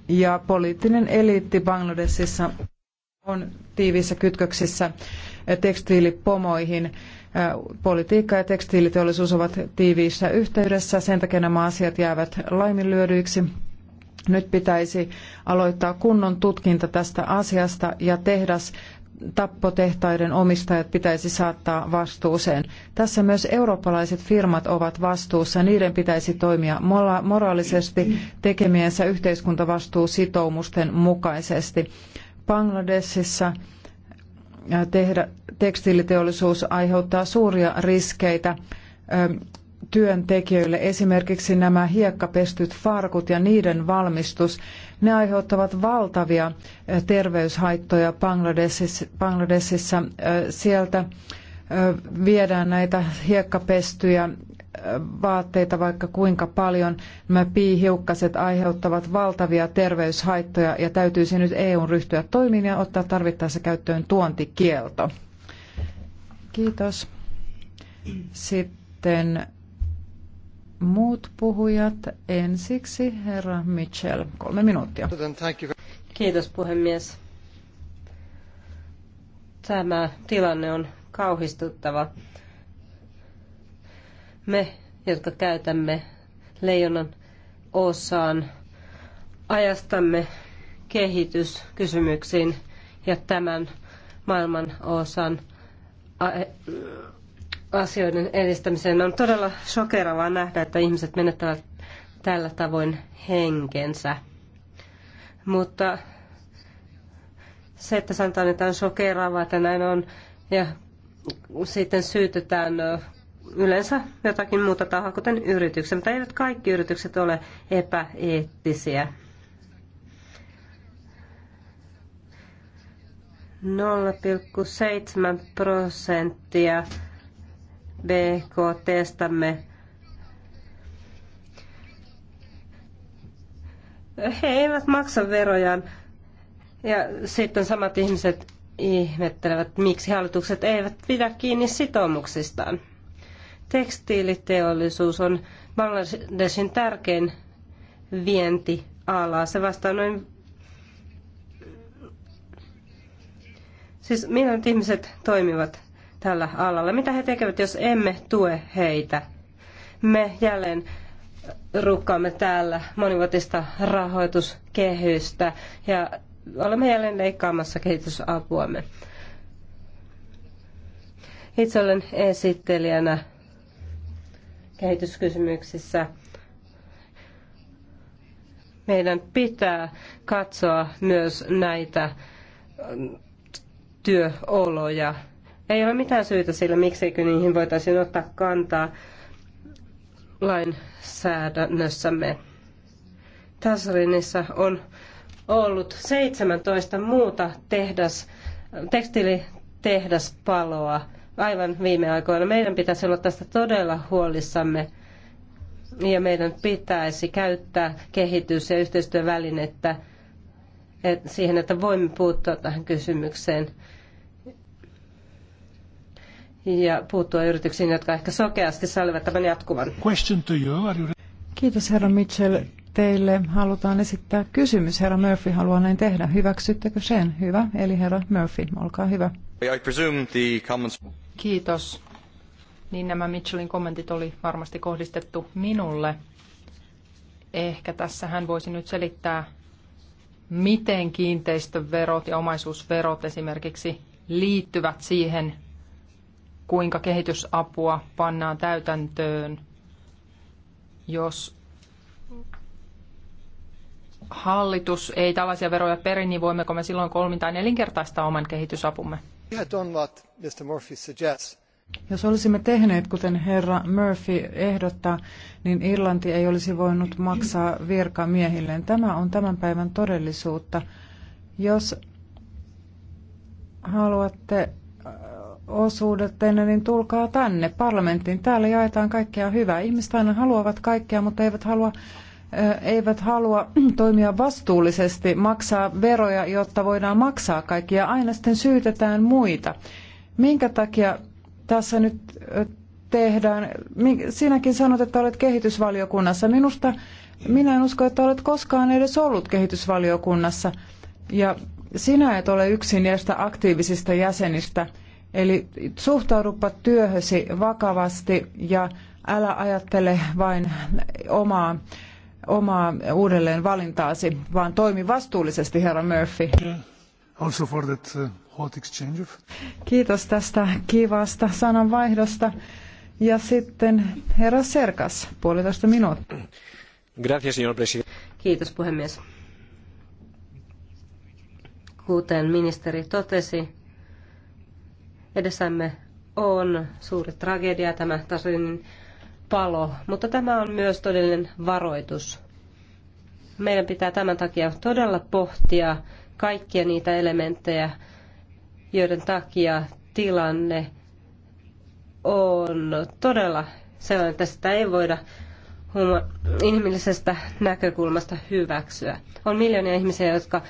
ja poliittinen eliitti Bangladesissa on tiiviissä kytköksissä tekstiilipomoihin. Politiikka ja tekstiiliteollisuus ovat tiiviissä yhteydessä, sen takia nämä asiat jäävät laiminlyödyiksi. Nyt pitäisi aloittaa kunnon tutkinta tästä asiasta ja tehdas tappotehtaiden omistajat pitäisi saattaa vastuuseen. Tässä myös eurooppalaiset firmat ovat vastuussa. Niiden pitäisi toimia moraalisesti tekemiensä yhteiskuntavastuusitoumusten mukaisesti. Bangladesissa tehdä, tekstiiliteollisuus aiheuttaa suuria riskeitä työntekijöille. Esimerkiksi nämä hiekkapestyt farkut ja niiden valmistus, ne aiheuttavat valtavia terveyshaittoja Bangladesissa. Bangladesissa sieltä viedään näitä hiekkapestyjä vaatteita vaikka kuinka paljon. Nämä piihiukkaset aiheuttavat valtavia terveyshaittoja ja täytyisi nyt EUn ryhtyä toimiin ja ottaa tarvittaessa käyttöön tuontikielto. Kiitos. Sitten muut puhujat. Ensiksi herra Mitchell, kolme minuuttia. Kiitos puhemies. Tämä tilanne on kauhistuttava me, jotka käytämme leijonan osaan ajastamme kehityskysymyksiin ja tämän maailman osan e, asioiden edistämiseen. On todella shokeravaa nähdä, että ihmiset menettävät tällä tavoin henkensä. Mutta se, että sanotaan, että on shokeravaa, että näin on, ja sitten syytetään yleensä jotakin muuta tahoa, kuten yrityksen, mutta eivät kaikki yritykset ole epäeettisiä. Nolla seitsemän prosenttia BKTstämme he eivät maksa verojaan. Ja sitten samat ihmiset ihmettelevät, miksi hallitukset eivät pidä kiinni sitoumuksistaan. Tekstiiliteollisuus on Bangladesin tärkein vientiala. Se vastaa noin... Siis miljoonat ihmiset toimivat tällä alalla. Mitä he tekevät, jos emme tue heitä? Me jälleen rukkaamme täällä monivuotista rahoituskehystä ja olemme jälleen leikkaamassa kehitysapuamme. Itse olen esittelijänä kehityskysymyksissä. Meidän pitää katsoa myös näitä mm, työoloja. Ei ole mitään syytä sillä, miksi niihin voitaisiin ottaa kantaa lainsäädännössämme. Tasrinissa on ollut 17 muuta tehdas, paloa aivan viime aikoina. Meidän pitäisi olla tästä todella huolissamme ja meidän pitäisi käyttää kehitys- ja yhteistyövälinettä siihen, että voimme puuttua tähän kysymykseen ja puuttua yrityksiin, jotka ehkä sokeasti sallivat tämän jatkuvan. Kiitos herra Mitchell. Teille halutaan esittää kysymys. Herra Murphy haluaa näin tehdä. Hyväksyttekö sen? Hyvä. Eli herra Murphy, olkaa hyvä. I presume the comments... Kiitos. Niin nämä Mitchellin kommentit oli varmasti kohdistettu minulle. Ehkä tässä hän voisi nyt selittää, miten kiinteistöverot ja omaisuusverot esimerkiksi liittyvät siihen, kuinka kehitysapua pannaan täytäntöön, jos hallitus ei tällaisia veroja peri, niin voimmeko me silloin kolmin tai nelinkertaista oman kehitysapumme? Jos olisimme tehneet, kuten herra Murphy ehdottaa, niin Irlanti ei olisi voinut maksaa virkamiehilleen. Tämä on tämän päivän todellisuutta. Jos haluatte äh, osuudet teille, niin tulkaa tänne parlamenttiin. Täällä jaetaan kaikkea hyvää. Ihmiset aina haluavat kaikkea, mutta eivät halua eivät halua toimia vastuullisesti, maksaa veroja, jotta voidaan maksaa ja Aina sitten syytetään muita. Minkä takia tässä nyt tehdään? Sinäkin sanot, että olet kehitysvaliokunnassa. Minusta minä en usko, että olet koskaan edes ollut kehitysvaliokunnassa. Ja sinä et ole yksi niistä aktiivisista jäsenistä. Eli suhtaudupa työhösi vakavasti ja älä ajattele vain omaa omaa uudelleen valintaasi, vaan toimi vastuullisesti, herra Murphy. Also for that uh, hot exchange. Kiitos tästä kivasta sananvaihdosta. Ja sitten herra Serkas, puolitoista minuuttia. Gracias, señor presidente. Kiitos, puhemies. Kuten ministeri totesi, edessämme on suuri tragedia tämä Tasrinin palo, mutta tämä on myös todellinen varoitus. Meidän pitää tämän takia todella pohtia kaikkia niitä elementtejä, joiden takia tilanne on todella sellainen, että sitä ei voida inhimillisestä näkökulmasta hyväksyä. On miljoonia ihmisiä, jotka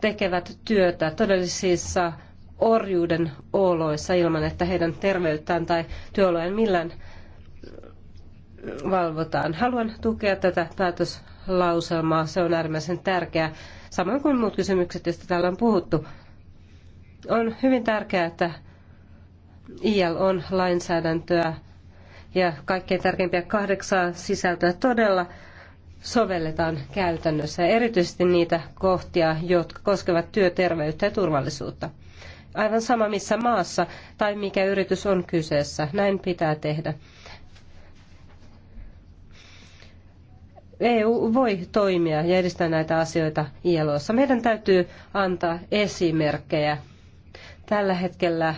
tekevät työtä todellisissa orjuuden oloissa ilman, että heidän terveyttään tai työolojen millään valvotaan. Haluan tukea tätä päätöslauselmaa, se on äärimmäisen tärkeää, samoin kuin muut kysymykset, joista täällä on puhuttu. On hyvin tärkeää, että IL on lainsäädäntöä ja kaikkein tärkeimpiä kahdeksaa sisältöä todella sovelletaan käytännössä, erityisesti niitä kohtia, jotka koskevat työterveyttä ja turvallisuutta. Aivan sama missä maassa tai mikä yritys on kyseessä, näin pitää tehdä. EU voi toimia ja edistää näitä asioita ILOssa. Meidän täytyy antaa esimerkkejä. Tällä hetkellä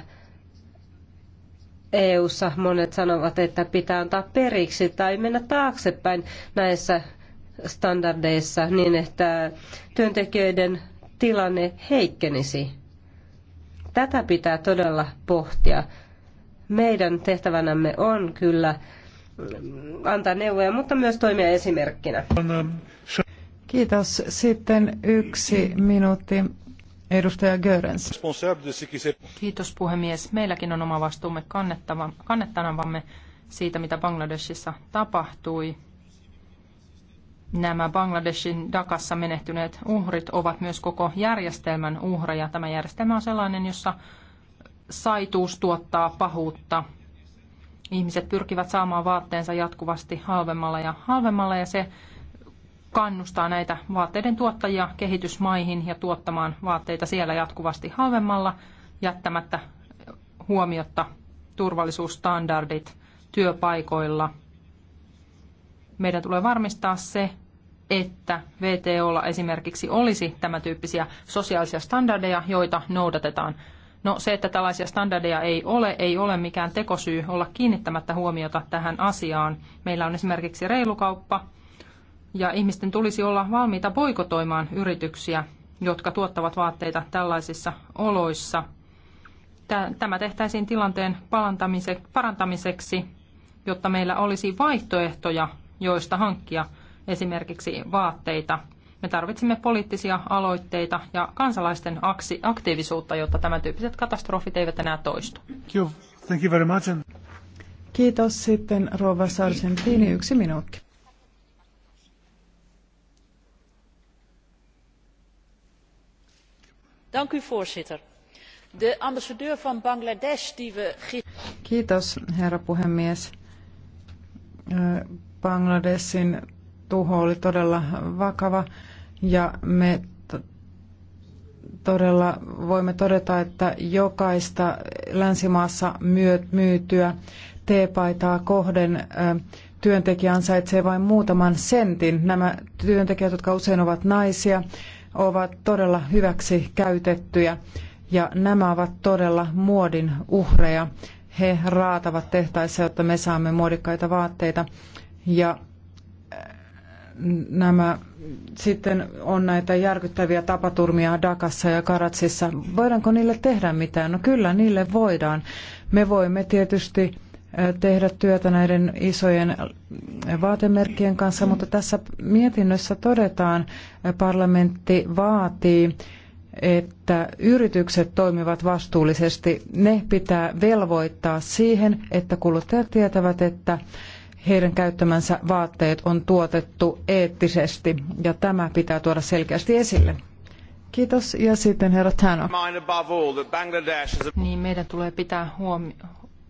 EUssa monet sanovat, että pitää antaa periksi tai mennä taaksepäin näissä standardeissa niin, että työntekijöiden tilanne heikkenisi. Tätä pitää todella pohtia. Meidän tehtävänämme on kyllä antaa neuvoja, mutta myös toimia esimerkkinä. Kiitos. Sitten yksi minuutti. Edustaja Görens. Kiitos puhemies. Meilläkin on oma vastuumme kannettavamme siitä, mitä Bangladeshissa tapahtui. Nämä Bangladeshin Dakassa menehtyneet uhrit ovat myös koko järjestelmän uhreja. Tämä järjestelmä on sellainen, jossa saituus tuottaa pahuutta. Ihmiset pyrkivät saamaan vaatteensa jatkuvasti halvemmalla ja halvemmalla ja se kannustaa näitä vaatteiden tuottajia kehitysmaihin ja tuottamaan vaatteita siellä jatkuvasti halvemmalla jättämättä huomiotta turvallisuusstandardit työpaikoilla. Meidän tulee varmistaa se, että VTOlla esimerkiksi olisi tämä tyyppisiä sosiaalisia standardeja, joita noudatetaan No se, että tällaisia standardeja ei ole, ei ole mikään tekosyy olla kiinnittämättä huomiota tähän asiaan. Meillä on esimerkiksi reilukauppa, ja ihmisten tulisi olla valmiita boikotoimaan yrityksiä, jotka tuottavat vaatteita tällaisissa oloissa. Tämä tehtäisiin tilanteen parantamiseksi, jotta meillä olisi vaihtoehtoja, joista hankkia esimerkiksi vaatteita me tarvitsemme poliittisia aloitteita ja kansalaisten aktiivisuutta, jotta tämän tyyppiset katastrofit eivät enää toistu. Thank you very much. Kiitos sitten Rova Sargentini, yksi minuutti. Dank u voorzitter. De ambassadeur van Bangladesh die we Kiitos herra puhemies. Bangladesin tuho oli todella vakava. Ja me todella voimme todeta, että jokaista länsimaassa myytyä T-paitaa kohden työntekijä ansaitsee vain muutaman sentin. Nämä työntekijät, jotka usein ovat naisia, ovat todella hyväksi käytettyjä ja nämä ovat todella muodin uhreja. He raatavat tehtaissa, jotta me saamme muodikkaita vaatteita ja nämä sitten on näitä järkyttäviä tapaturmia Dakassa ja Karatsissa. Voidaanko niille tehdä mitään? No kyllä, niille voidaan. Me voimme tietysti tehdä työtä näiden isojen vaatemerkkien kanssa, mutta tässä mietinnössä todetaan, parlamentti vaatii että yritykset toimivat vastuullisesti. Ne pitää velvoittaa siihen, että kuluttajat tietävät, että heidän käyttämänsä vaatteet on tuotettu eettisesti ja tämä pitää tuoda selkeästi esille. Kiitos ja sitten herra Tano. Niin meidän tulee pitää huomioon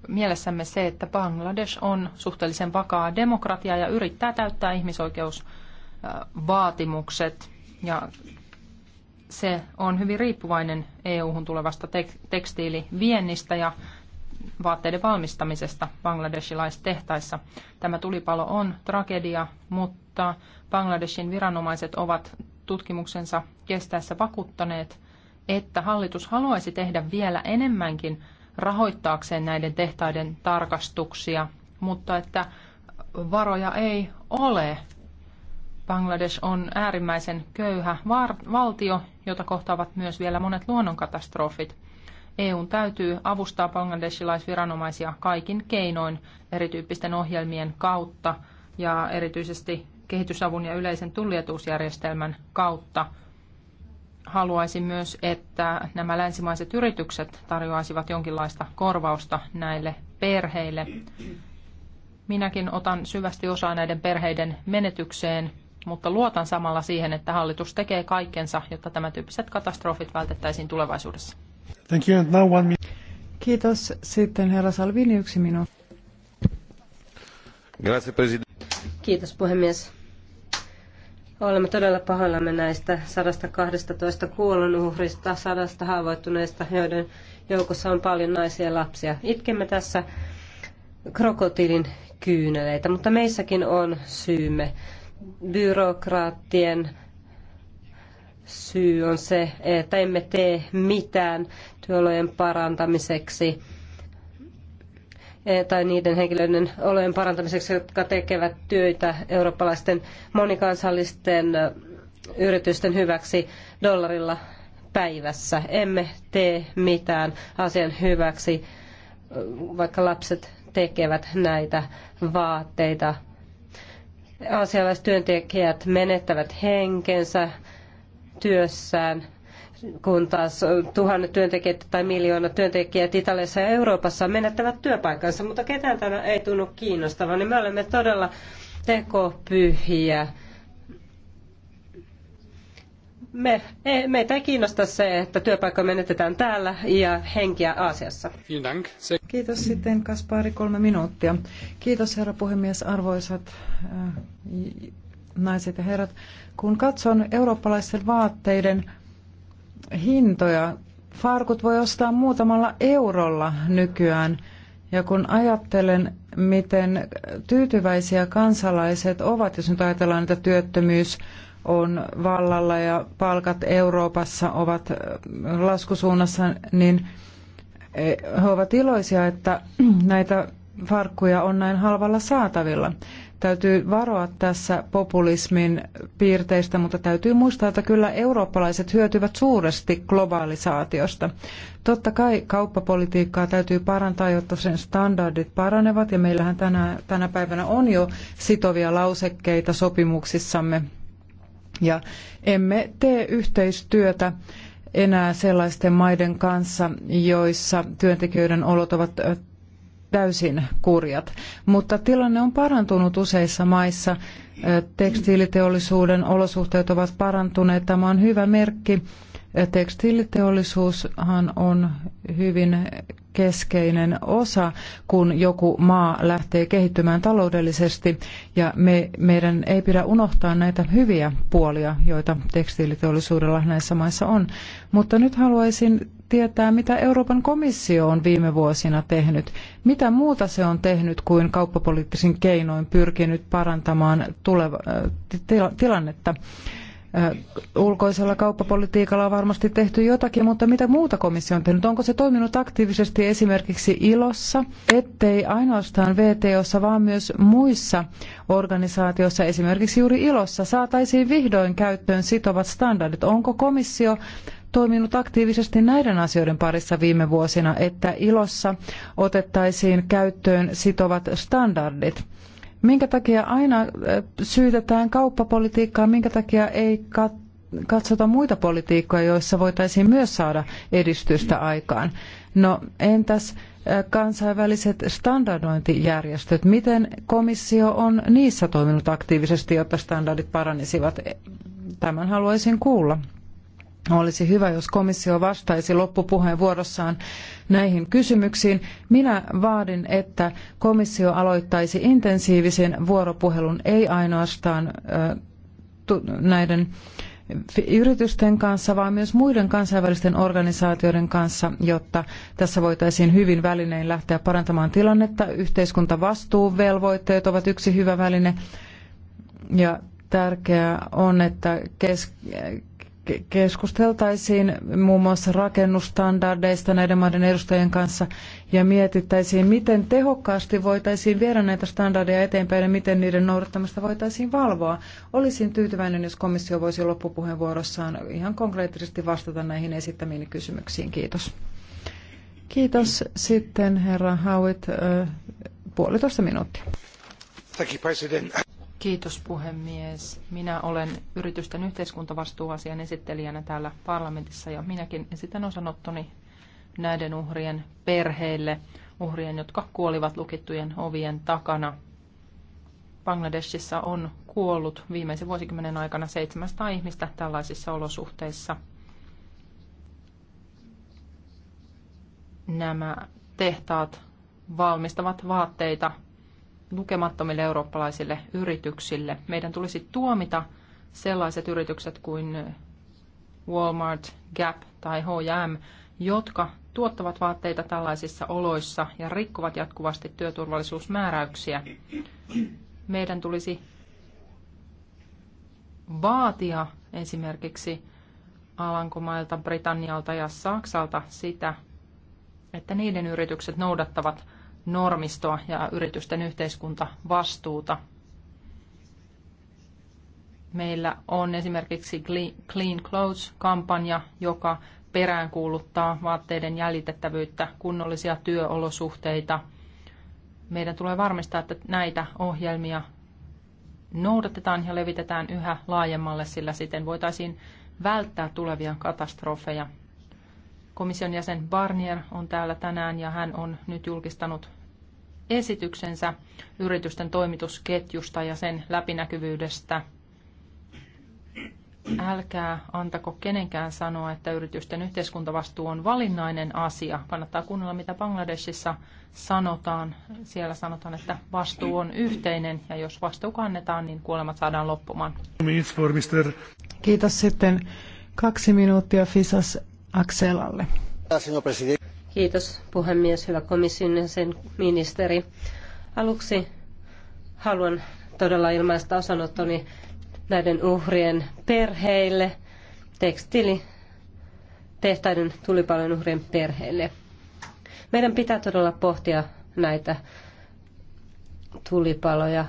mielessämme se, että Bangladesh on suhteellisen vakaa demokratia ja yrittää täyttää ihmisoikeusvaatimukset. Ja se on hyvin riippuvainen EU-hun tulevasta tekstiiliviennistä ja vaatteiden valmistamisesta bangladeshilaistehtaissa. Tämä tulipalo on tragedia, mutta Bangladeshin viranomaiset ovat tutkimuksensa kestäessä vakuuttaneet, että hallitus haluaisi tehdä vielä enemmänkin rahoittaakseen näiden tehtaiden tarkastuksia, mutta että varoja ei ole. Bangladesh on äärimmäisen köyhä valtio, jota kohtaavat myös vielä monet luonnonkatastrofit. EUn täytyy avustaa bangladesilaisviranomaisia kaikin keinoin erityyppisten ohjelmien kautta ja erityisesti kehitysavun ja yleisen tullietuusjärjestelmän kautta. Haluaisin myös, että nämä länsimaiset yritykset tarjoaisivat jonkinlaista korvausta näille perheille. Minäkin otan syvästi osaa näiden perheiden menetykseen, mutta luotan samalla siihen, että hallitus tekee kaikkensa, jotta tämä tyyppiset katastrofit vältettäisiin tulevaisuudessa. Thank you. And now one Kiitos. Sitten herra Salvini, yksi minuutti. Kiitos puhemies. Olemme todella pahoillamme näistä 112 kuolonuhrista, sadasta haavoittuneista, joiden joukossa on paljon naisia ja lapsia. Itkemme tässä krokotiilin kyyneleitä, mutta meissäkin on syymme. Byrokraattien syy on se, että emme tee mitään työolojen parantamiseksi eh, tai niiden henkilöiden olojen parantamiseksi, jotka tekevät työtä eurooppalaisten monikansallisten eh, yritysten hyväksi dollarilla päivässä. Emme tee mitään asian hyväksi, eh, vaikka lapset tekevät näitä vaatteita. Asialaiset työntekijät menettävät henkensä, työssään, kun taas tuhannet työntekijät tai miljoona työntekijät Italiassa ja Euroopassa menettävät työpaikkansa, mutta ketään tämä ei tunnu kiinnostavan, niin me olemme todella tekopyhiä. Me, ei, meitä ei kiinnosta se, että työpaikka menetetään täällä ja henkiä Aasiassa. Kiitos sitten Kaspari, kolme minuuttia. Kiitos herra puhemies, arvoisat äh, naiset ja herrat. Kun katson eurooppalaisten vaatteiden hintoja, farkut voi ostaa muutamalla eurolla nykyään. Ja kun ajattelen, miten tyytyväisiä kansalaiset ovat, jos nyt ajatellaan, että työttömyys on vallalla ja palkat Euroopassa ovat laskusuunnassa, niin he ovat iloisia, että näitä farkkuja on näin halvalla saatavilla. Täytyy varoa tässä populismin piirteistä, mutta täytyy muistaa, että kyllä eurooppalaiset hyötyvät suuresti globalisaatiosta. Totta kai kauppapolitiikkaa täytyy parantaa, jotta sen standardit paranevat, ja meillähän tänä, tänä päivänä on jo sitovia lausekkeita sopimuksissamme. Ja emme tee yhteistyötä enää sellaisten maiden kanssa, joissa työntekijöiden olot ovat täysin kurjat. Mutta tilanne on parantunut useissa maissa. Tekstiiliteollisuuden olosuhteet ovat parantuneet. Tämä on hyvä merkki Tekstiiliteollisuushan on hyvin keskeinen osa, kun joku maa lähtee kehittymään taloudellisesti ja me, meidän ei pidä unohtaa näitä hyviä puolia, joita tekstiiliteollisuudella näissä maissa on. Mutta nyt haluaisin tietää, mitä Euroopan komissio on viime vuosina tehnyt. Mitä muuta se on tehnyt kuin kauppapoliittisin keinoin pyrkinyt parantamaan tuleva, äh, tila, tilannetta? ulkoisella kauppapolitiikalla on varmasti tehty jotakin, mutta mitä muuta komissio on tehnyt? Onko se toiminut aktiivisesti esimerkiksi ILOssa, ettei ainoastaan VTOssa, vaan myös muissa organisaatioissa, esimerkiksi juuri ILOssa, saataisiin vihdoin käyttöön sitovat standardit? Onko komissio toiminut aktiivisesti näiden asioiden parissa viime vuosina, että ILOssa otettaisiin käyttöön sitovat standardit? Minkä takia aina äh, syytetään kauppapolitiikkaa, minkä takia ei katsota muita politiikkoja, joissa voitaisiin myös saada edistystä aikaan? No entäs äh, kansainväliset standardointijärjestöt, miten komissio on niissä toiminut aktiivisesti, jotta standardit paranisivat? Tämän haluaisin kuulla. Olisi hyvä, jos komissio vastaisi loppupuheenvuorossaan näihin kysymyksiin. Minä vaadin, että komissio aloittaisi intensiivisen vuoropuhelun, ei ainoastaan näiden yritysten kanssa, vaan myös muiden kansainvälisten organisaatioiden kanssa, jotta tässä voitaisiin hyvin välinein lähteä parantamaan tilannetta. Yhteiskuntavastuuvelvoitteet ovat yksi hyvä väline. Ja tärkeää on, että kes- keskusteltaisiin muun muassa rakennustandardeista näiden maiden edustajien kanssa ja mietittäisiin, miten tehokkaasti voitaisiin viedä näitä standardeja eteenpäin ja miten niiden noudattamista voitaisiin valvoa. Olisin tyytyväinen, jos komissio voisi loppupuheenvuorossaan ihan konkreettisesti vastata näihin esittämiin kysymyksiin. Kiitos. Kiitos. Sitten herra Howitt, puolitoista minuuttia. Thank you, President. Kiitos puhemies. Minä olen yritysten yhteiskuntavastuuasian esittelijänä täällä parlamentissa ja minäkin esitän osanottoni näiden uhrien perheille, uhrien, jotka kuolivat lukittujen ovien takana. Bangladeshissa on kuollut viimeisen vuosikymmenen aikana 700 ihmistä tällaisissa olosuhteissa. Nämä tehtaat valmistavat vaatteita lukemattomille eurooppalaisille yrityksille. Meidän tulisi tuomita sellaiset yritykset kuin Walmart, Gap tai H&M, jotka tuottavat vaatteita tällaisissa oloissa ja rikkovat jatkuvasti työturvallisuusmääräyksiä. Meidän tulisi vaatia esimerkiksi Alankomailta, Britannialta ja Saksalta sitä, että niiden yritykset noudattavat normistoa ja yritysten yhteiskuntavastuuta. Meillä on esimerkiksi Clean Clothes-kampanja, joka peräänkuuluttaa vaatteiden jäljitettävyyttä, kunnollisia työolosuhteita. Meidän tulee varmistaa, että näitä ohjelmia noudatetaan ja levitetään yhä laajemmalle, sillä siten voitaisiin välttää tulevia katastrofeja. Komission jäsen Barnier on täällä tänään ja hän on nyt julkistanut esityksensä yritysten toimitusketjusta ja sen läpinäkyvyydestä. Älkää antako kenenkään sanoa, että yritysten yhteiskuntavastuu on valinnainen asia. Kannattaa kuunnella, mitä Bangladesissa sanotaan. Siellä sanotaan, että vastuu on yhteinen ja jos vastuu kannetaan, niin kuolemat saadaan loppumaan. Kiitos sitten kaksi minuuttia Fisas Akselalle. Kiitos puhemies, hyvä komission sen ministeri. Aluksi haluan todella ilmaista osanottoni näiden uhrien perheille, tekstili tehtaiden tulipalon uhrien perheille. Meidän pitää todella pohtia näitä tulipaloja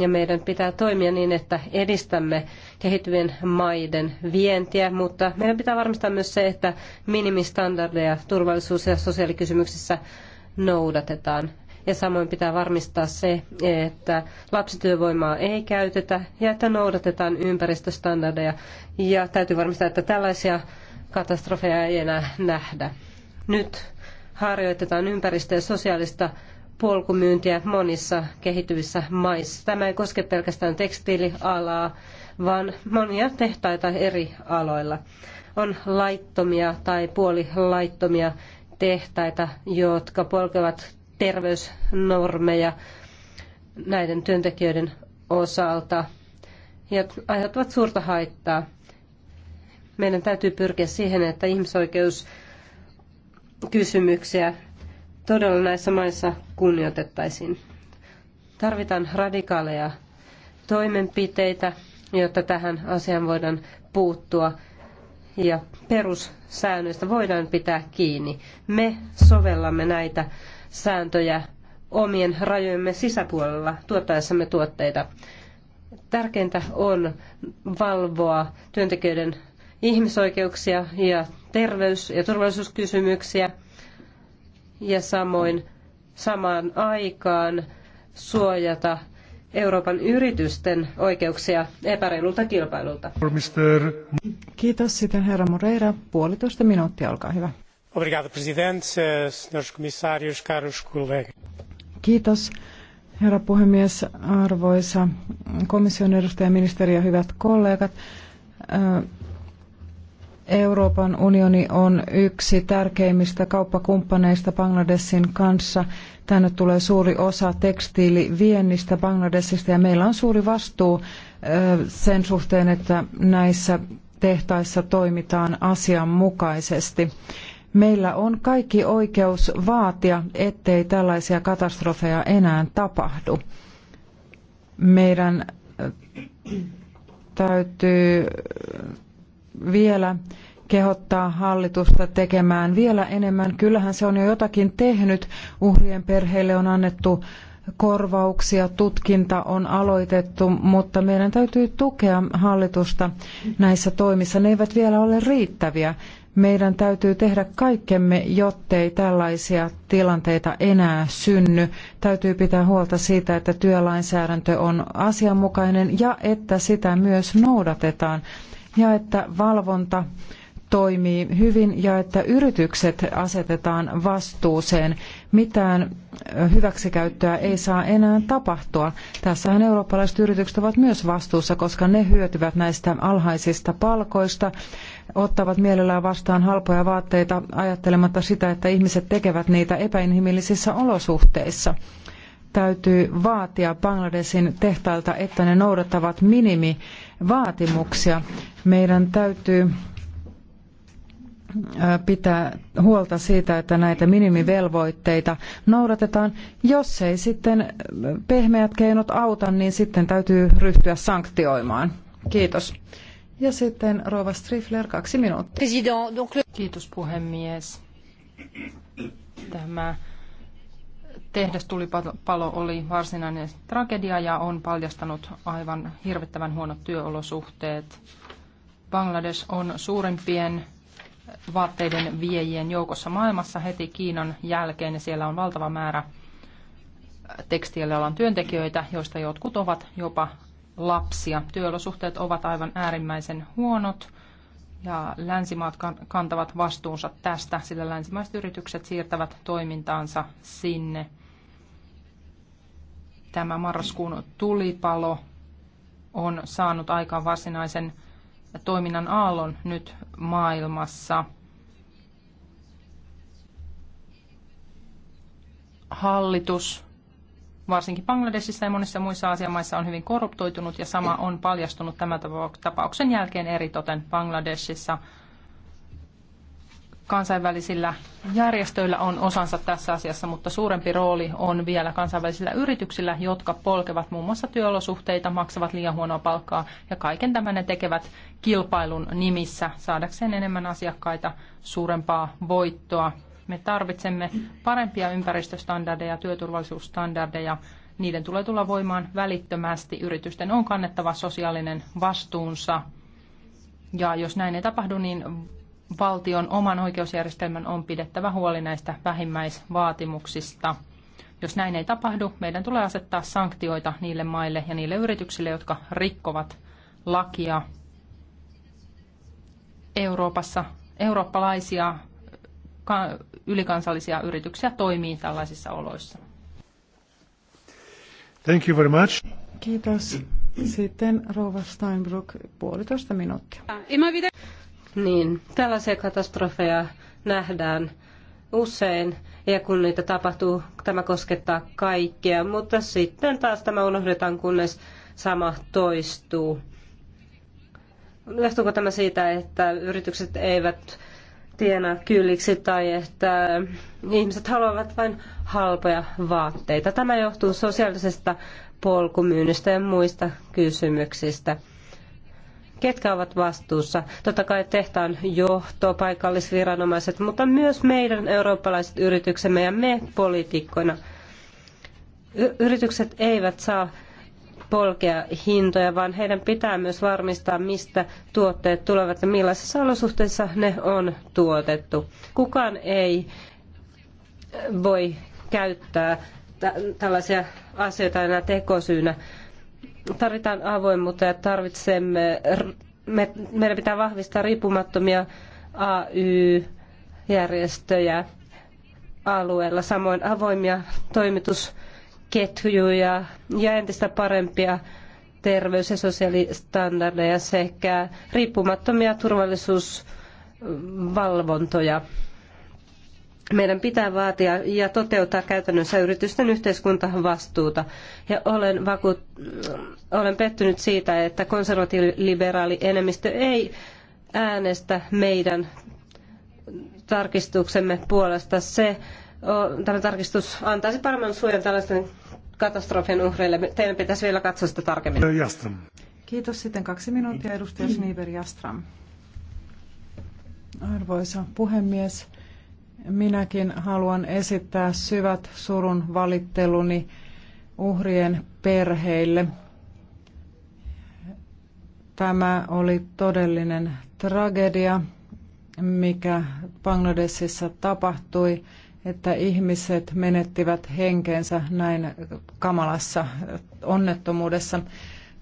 ja meidän pitää toimia niin, että edistämme kehittyvien maiden vientiä, mutta meidän pitää varmistaa myös se, että minimistandardeja turvallisuus- ja sosiaalikysymyksissä noudatetaan. Ja samoin pitää varmistaa se, että lapsityövoimaa ei käytetä ja että noudatetaan ympäristöstandardeja. Ja täytyy varmistaa, että tällaisia katastrofeja ei enää nähdä. Nyt harjoitetaan ympäristö- ja sosiaalista polkumyyntiä monissa kehittyvissä maissa. Tämä ei koske pelkästään tekstiilialaa, vaan monia tehtaita eri aloilla. On laittomia tai puolilaittomia tehtaita, jotka polkevat terveysnormeja näiden työntekijöiden osalta ja aiheuttavat suurta haittaa. Meidän täytyy pyrkiä siihen, että ihmisoikeus kysymyksiä todella näissä maissa kunnioitettaisiin. Tarvitaan radikaaleja toimenpiteitä, jotta tähän asiaan voidaan puuttua ja perussäännöistä voidaan pitää kiinni. Me sovellamme näitä sääntöjä omien rajojemme sisäpuolella tuottaessamme tuotteita. Tärkeintä on valvoa työntekijöiden ihmisoikeuksia ja terveys- ja turvallisuuskysymyksiä – ja samoin samaan aikaan suojata Euroopan yritysten oikeuksia epäreilulta kilpailulta. Kiitos. Sitten herra Moreira, puolitoista minuuttia, olkaa hyvä. Obrigado, presidente, eh, Kiitos. Herra puhemies, arvoisa komission edustaja, ministeri ja hyvät kollegat. Eh, Euroopan unioni on yksi tärkeimmistä kauppakumppaneista Bangladesin kanssa. Tänne tulee suuri osa tekstiiliviennistä Bangladesista ja meillä on suuri vastuu sen suhteen, että näissä tehtaissa toimitaan asianmukaisesti. Meillä on kaikki oikeus vaatia, ettei tällaisia katastrofeja enää tapahdu. Meidän täytyy vielä kehottaa hallitusta tekemään vielä enemmän. Kyllähän se on jo jotakin tehnyt. Uhrien perheille on annettu korvauksia, tutkinta on aloitettu, mutta meidän täytyy tukea hallitusta näissä toimissa. Ne eivät vielä ole riittäviä. Meidän täytyy tehdä kaikkemme, jottei tällaisia tilanteita enää synny. Täytyy pitää huolta siitä, että työlainsäädäntö on asianmukainen ja että sitä myös noudatetaan ja että valvonta toimii hyvin ja että yritykset asetetaan vastuuseen. Mitään hyväksikäyttöä ei saa enää tapahtua. Tässähän eurooppalaiset yritykset ovat myös vastuussa, koska ne hyötyvät näistä alhaisista palkoista, ottavat mielellään vastaan halpoja vaatteita ajattelematta sitä, että ihmiset tekevät niitä epäinhimillisissä olosuhteissa täytyy vaatia Bangladesin tehtailta, että ne noudattavat minimi vaatimuksia. Meidän täytyy pitää huolta siitä, että näitä minimivelvoitteita noudatetaan. Jos ei sitten pehmeät keinot auta, niin sitten täytyy ryhtyä sanktioimaan. Kiitos. Ja sitten Rova Strifler, kaksi minuuttia. Kiitos puhemies. Tämä tehdastulipalo oli varsinainen tragedia ja on paljastanut aivan hirvittävän huonot työolosuhteet. Bangladesh on suurimpien vaatteiden viejien joukossa maailmassa heti Kiinan jälkeen ja siellä on valtava määrä tekstiilialan työntekijöitä, joista jotkut ovat jopa lapsia. Työolosuhteet ovat aivan äärimmäisen huonot ja länsimaat kantavat vastuunsa tästä, sillä länsimaiset yritykset siirtävät toimintaansa sinne tämä marraskuun tulipalo on saanut aikaan varsinaisen toiminnan aallon nyt maailmassa. Hallitus, varsinkin Bangladesissa ja monissa muissa asiamaissa, on hyvin korruptoitunut ja sama on paljastunut tämän tapauksen jälkeen eritoten Bangladesissa kansainvälisillä järjestöillä on osansa tässä asiassa, mutta suurempi rooli on vielä kansainvälisillä yrityksillä, jotka polkevat muun muassa työolosuhteita, maksavat liian huonoa palkkaa ja kaiken tämän ne tekevät kilpailun nimissä saadakseen enemmän asiakkaita, suurempaa voittoa. Me tarvitsemme parempia ympäristöstandardeja, työturvallisuusstandardeja. Niiden tulee tulla voimaan välittömästi. Yritysten on kannettava sosiaalinen vastuunsa. Ja jos näin ei tapahdu, niin valtion oman oikeusjärjestelmän on pidettävä huoli näistä vähimmäisvaatimuksista. Jos näin ei tapahdu, meidän tulee asettaa sanktioita niille maille ja niille yrityksille, jotka rikkovat lakia. Euroopassa eurooppalaisia ylikansallisia yrityksiä toimii tällaisissa oloissa. Thank you very much. Kiitos. Sitten Rova Steinbrück, puolitoista minuuttia niin tällaisia katastrofeja nähdään usein ja kun niitä tapahtuu, tämä koskettaa kaikkia, mutta sitten taas tämä unohdetaan, kunnes sama toistuu. Johtuuko tämä siitä, että yritykset eivät tienaa kylliksi tai että ihmiset haluavat vain halpoja vaatteita? Tämä johtuu sosiaalisesta polkumyynnistä ja muista kysymyksistä. Ketkä ovat vastuussa? Totta kai tehtaan johto, paikallisviranomaiset, mutta myös meidän eurooppalaiset yrityksemme ja me poliitikkoina. yritykset eivät saa polkea hintoja, vaan heidän pitää myös varmistaa, mistä tuotteet tulevat ja millaisissa olosuhteissa ne on tuotettu. Kukaan ei voi käyttää tällaisia asioita enää tekosyynä tarvitaan avoimuutta ja tarvitsemme, me, meidän pitää vahvistaa riippumattomia AY-järjestöjä alueella, samoin avoimia toimitusketjuja ja entistä parempia terveys- ja sosiaalistandardeja sekä riippumattomia turvallisuusvalvontoja. Meidän pitää vaatia ja toteuttaa käytännössä yritysten yhteiskuntavastuuta. Ja olen, vaku- olen pettynyt siitä, että konservatiiviliberaali enemmistö ei äänestä meidän tarkistuksemme puolesta. Se, tämä tarkistus antaisi paremman suojan tällaisten katastrofien uhreille. Teidän pitäisi vielä katsoa sitä tarkemmin. Jastram. Kiitos. Sitten kaksi minuuttia edustaja Sniiber Jastram. Arvoisa puhemies Minäkin haluan esittää syvät surun valitteluni uhrien perheille. Tämä oli todellinen tragedia, mikä Bangladesissa tapahtui, että ihmiset menettivät henkensä näin kamalassa onnettomuudessa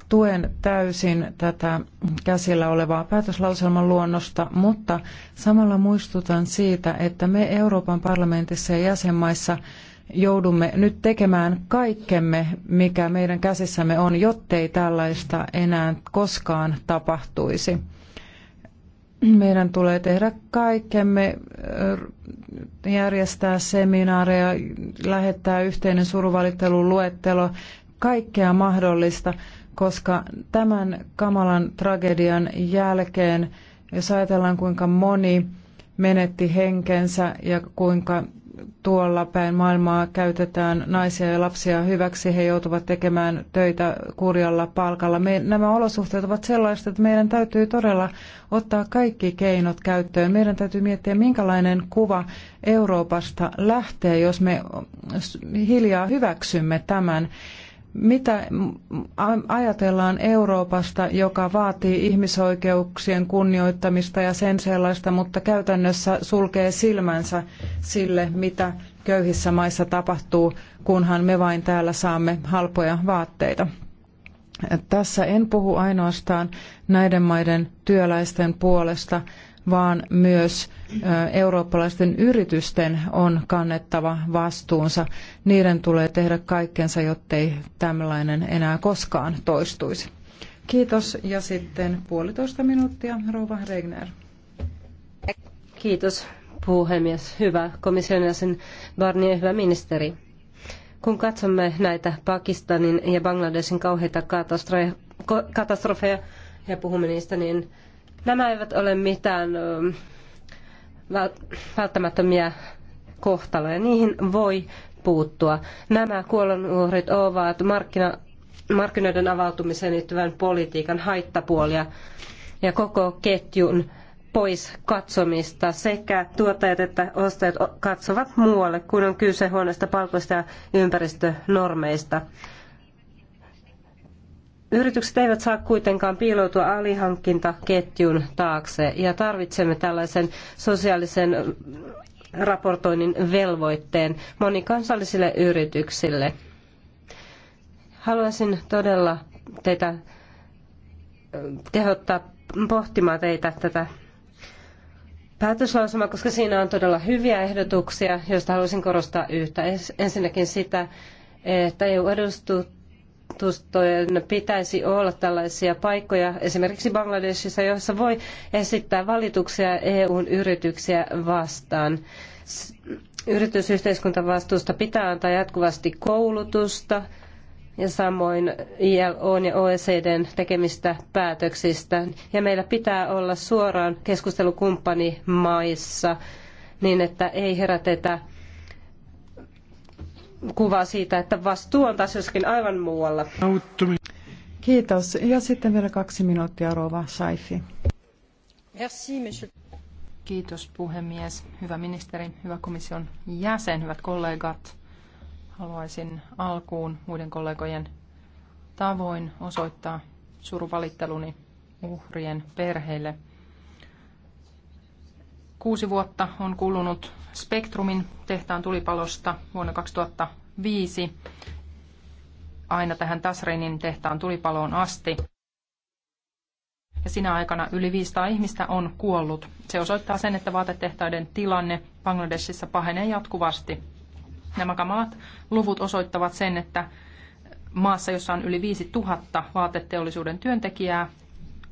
tuen täysin tätä käsillä olevaa päätöslauselman luonnosta, mutta samalla muistutan siitä, että me Euroopan parlamentissa ja jäsenmaissa joudumme nyt tekemään kaikkemme, mikä meidän käsissämme on, jottei tällaista enää koskaan tapahtuisi. Meidän tulee tehdä kaikkemme, järjestää seminaareja, lähettää yhteinen luettelo kaikkea mahdollista, koska tämän kamalan tragedian jälkeen, jos ajatellaan kuinka moni menetti henkensä ja kuinka tuolla päin maailmaa käytetään naisia ja lapsia hyväksi, he joutuvat tekemään töitä kurjalla palkalla. Me, nämä olosuhteet ovat sellaiset, että meidän täytyy todella ottaa kaikki keinot käyttöön. Meidän täytyy miettiä, minkälainen kuva Euroopasta lähtee, jos me hiljaa hyväksymme tämän. Mitä ajatellaan Euroopasta, joka vaatii ihmisoikeuksien kunnioittamista ja sen sellaista, mutta käytännössä sulkee silmänsä sille, mitä köyhissä maissa tapahtuu, kunhan me vain täällä saamme halpoja vaatteita? Tässä en puhu ainoastaan näiden maiden työläisten puolesta, vaan myös eurooppalaisten yritysten on kannettava vastuunsa. Niiden tulee tehdä kaikkensa, jottei tällainen enää koskaan toistuisi. Kiitos ja sitten puolitoista minuuttia, Rouva Regner. Kiitos puhemies, hyvä komission jäsen Barnier, hyvä ministeri. Kun katsomme näitä Pakistanin ja Bangladesin kauheita katastrofeja ja puhumme niistä, niin Nämä eivät ole mitään välttämättömiä kohtaloja. Niihin voi puuttua. Nämä kuolonuhrit ovat markkina, markkinoiden avautumiseen liittyvän politiikan haittapuolia ja koko ketjun pois katsomista. Sekä tuottajat että ostajat katsovat muualle, kun on kyse huoneesta palkoista ja ympäristönormeista. Yritykset eivät saa kuitenkaan piiloutua alihankintaketjun taakse ja tarvitsemme tällaisen sosiaalisen raportoinnin velvoitteen monikansallisille yrityksille. Haluaisin todella teitä kehottaa pohtimaan teitä tätä päätöslausumaa, koska siinä on todella hyviä ehdotuksia, joista haluaisin korostaa yhtä. Ensinnäkin sitä, että EU-edustut valtuustojen pitäisi olla tällaisia paikkoja esimerkiksi Bangladesissa, joissa voi esittää valituksia EUn yrityksiä vastaan. Yritysyhteiskuntavastuusta pitää antaa jatkuvasti koulutusta ja samoin ILOn ja OECDn tekemistä päätöksistä. Ja meillä pitää olla suoraan keskustelukumppani maissa niin, että ei herätetä kuvaa siitä, että vastuu on taas joskin aivan muualla. Kiitos. Ja sitten vielä kaksi minuuttia, Rova Saifi. Kiitos puhemies, hyvä ministeri, hyvä komission jäsen, hyvät kollegat. Haluaisin alkuun muiden kollegojen tavoin osoittaa suruvalitteluni uhrien perheille. Kuusi vuotta on kulunut Spektrumin tehtaan tulipalosta vuonna 2005 aina tähän Tasrinin tehtaan tulipaloon asti. Ja sinä aikana yli 500 ihmistä on kuollut. Se osoittaa sen, että vaatetehtaiden tilanne Bangladesissa pahenee jatkuvasti. Nämä kamalat luvut osoittavat sen, että maassa, jossa on yli 5000 vaateteollisuuden työntekijää,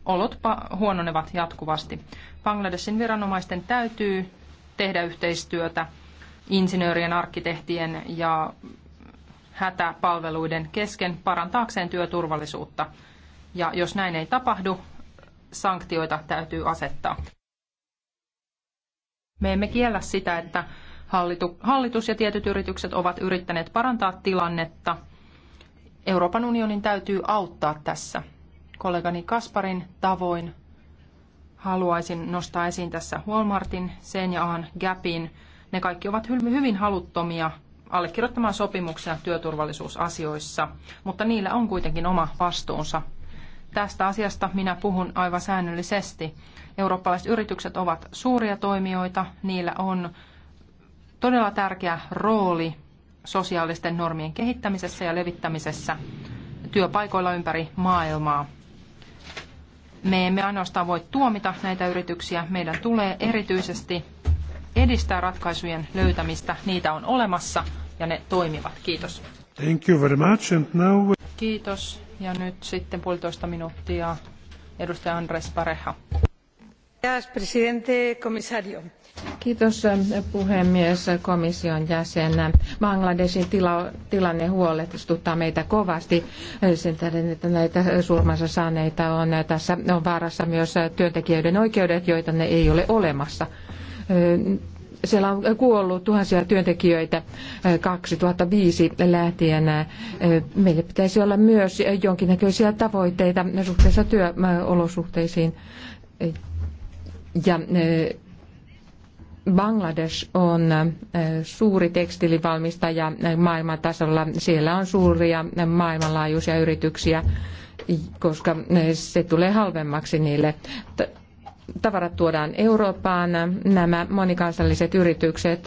olot huononevat jatkuvasti. Bangladesin viranomaisten täytyy tehdä yhteistyötä insinöörien, arkkitehtien ja hätäpalveluiden kesken parantaakseen työturvallisuutta. Ja jos näin ei tapahdu, sanktioita täytyy asettaa. Me emme kiellä sitä, että hallitus ja tietyt yritykset ovat yrittäneet parantaa tilannetta. Euroopan unionin täytyy auttaa tässä. Kollegani Kasparin tavoin haluaisin nostaa esiin tässä Walmartin, Senjaan, Gapin. Ne kaikki ovat hyvin haluttomia allekirjoittamaan sopimuksia työturvallisuusasioissa, mutta niillä on kuitenkin oma vastuunsa. Tästä asiasta minä puhun aivan säännöllisesti. Eurooppalaiset yritykset ovat suuria toimijoita, niillä on todella tärkeä rooli sosiaalisten normien kehittämisessä ja levittämisessä työpaikoilla ympäri maailmaa. Me emme ainoastaan voi tuomita näitä yrityksiä, meidän tulee erityisesti edistää ratkaisujen löytämistä. Niitä on olemassa ja ne toimivat. Kiitos. Thank you very much. And now... Kiitos. Ja nyt sitten puolitoista minuuttia edustaja Andres Pareja. Presidente, komissario. Kiitos äh, puhemies äh, komission jäsen. Bangladesin tila, tilanne huolestuttaa meitä kovasti äh, sen tähden, että näitä surmansa saaneita on. Tässä on vaarassa myös työntekijöiden oikeudet, joita ne ei ole olemassa. Siellä on kuollut tuhansia työntekijöitä 2005 lähtien. Meillä pitäisi olla myös jonkinnäköisiä tavoitteita suhteessa työolosuhteisiin ja Bangladesh on eh, suuri tekstilivalmistaja eh, maailman tasolla. Siellä on suuria eh, maailmanlaajuisia yrityksiä, koska se tulee halvemmaksi niille. Tavarat tuodaan Eurooppaan. Nämä monikansalliset yritykset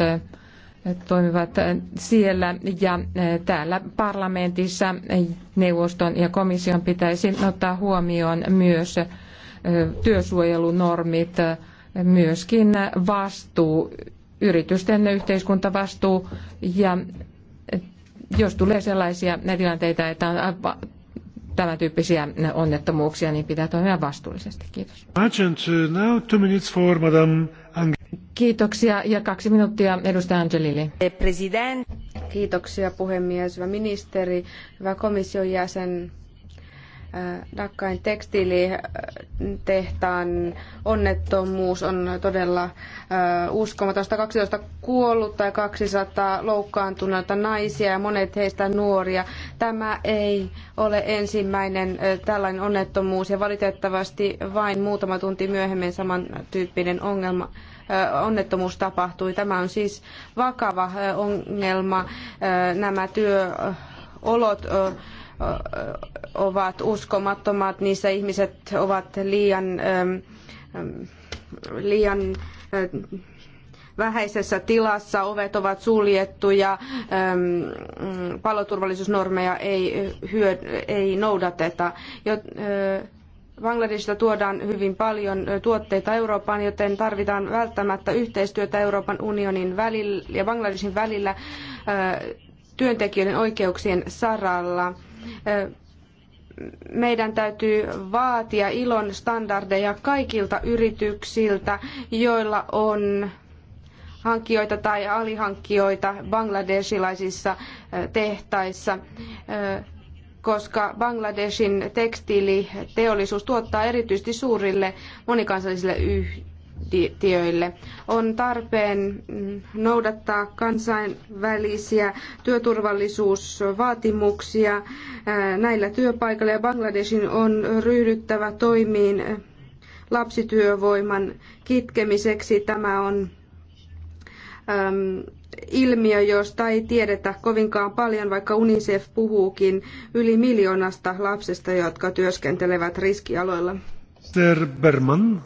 toimivat siellä ja täällä parlamentissa neuvoston ja komission pitäisi ottaa huomioon myös työsuojelunormit, normit myöskin vastuu, yritysten yhteiskuntavastuu ja jos tulee sellaisia tilanteita, että on tämän tyyppisiä onnettomuuksia, niin pitää toimia vastuullisesti. Kiitos. Kiitoksia ja kaksi minuuttia edustaja Angelili. President. Kiitoksia puhemies, hyvä ministeri, hyvä komission jäsen, Dakkain tekstiilitehtaan äh, onnettomuus on todella äh, uskomaton. 12 kuollutta ja 200 loukkaantuneita naisia ja monet heistä nuoria. Tämä ei ole ensimmäinen äh, tällainen onnettomuus ja valitettavasti vain muutama tunti myöhemmin samantyyppinen ongelma onnettomuus tapahtui. Tämä on siis vakava ongelma. Nämä työolot ovat uskomattomat, niissä ihmiset ovat liian, liian vähäisessä tilassa, ovet ovat suljettuja, mm, paloturvallisuusnormeja ei, hyö, ei noudateta. Jot, Bangladesista tuodaan hyvin paljon tuotteita Eurooppaan, joten tarvitaan välttämättä yhteistyötä Euroopan unionin välillä ja Bangladesin välillä työntekijöiden oikeuksien saralla meidän täytyy vaatia ilon standardeja kaikilta yrityksiltä, joilla on hankkijoita tai alihankkijoita bangladesilaisissa tehtaissa, koska Bangladeshin tekstiiliteollisuus tuottaa erityisesti suurille monikansallisille yhtiöille työntekijöille. On tarpeen mm, noudattaa kansainvälisiä työturvallisuusvaatimuksia äh, näillä työpaikoilla ja Bangladeshin on ryhdyttävä toimiin äh, lapsityövoiman kitkemiseksi. Tämä on ilmiö, josta ei tiedetä kovinkaan paljon, vaikka UNICEF puhuukin yli miljoonasta lapsesta, jotka työskentelevät riskialoilla. Berman.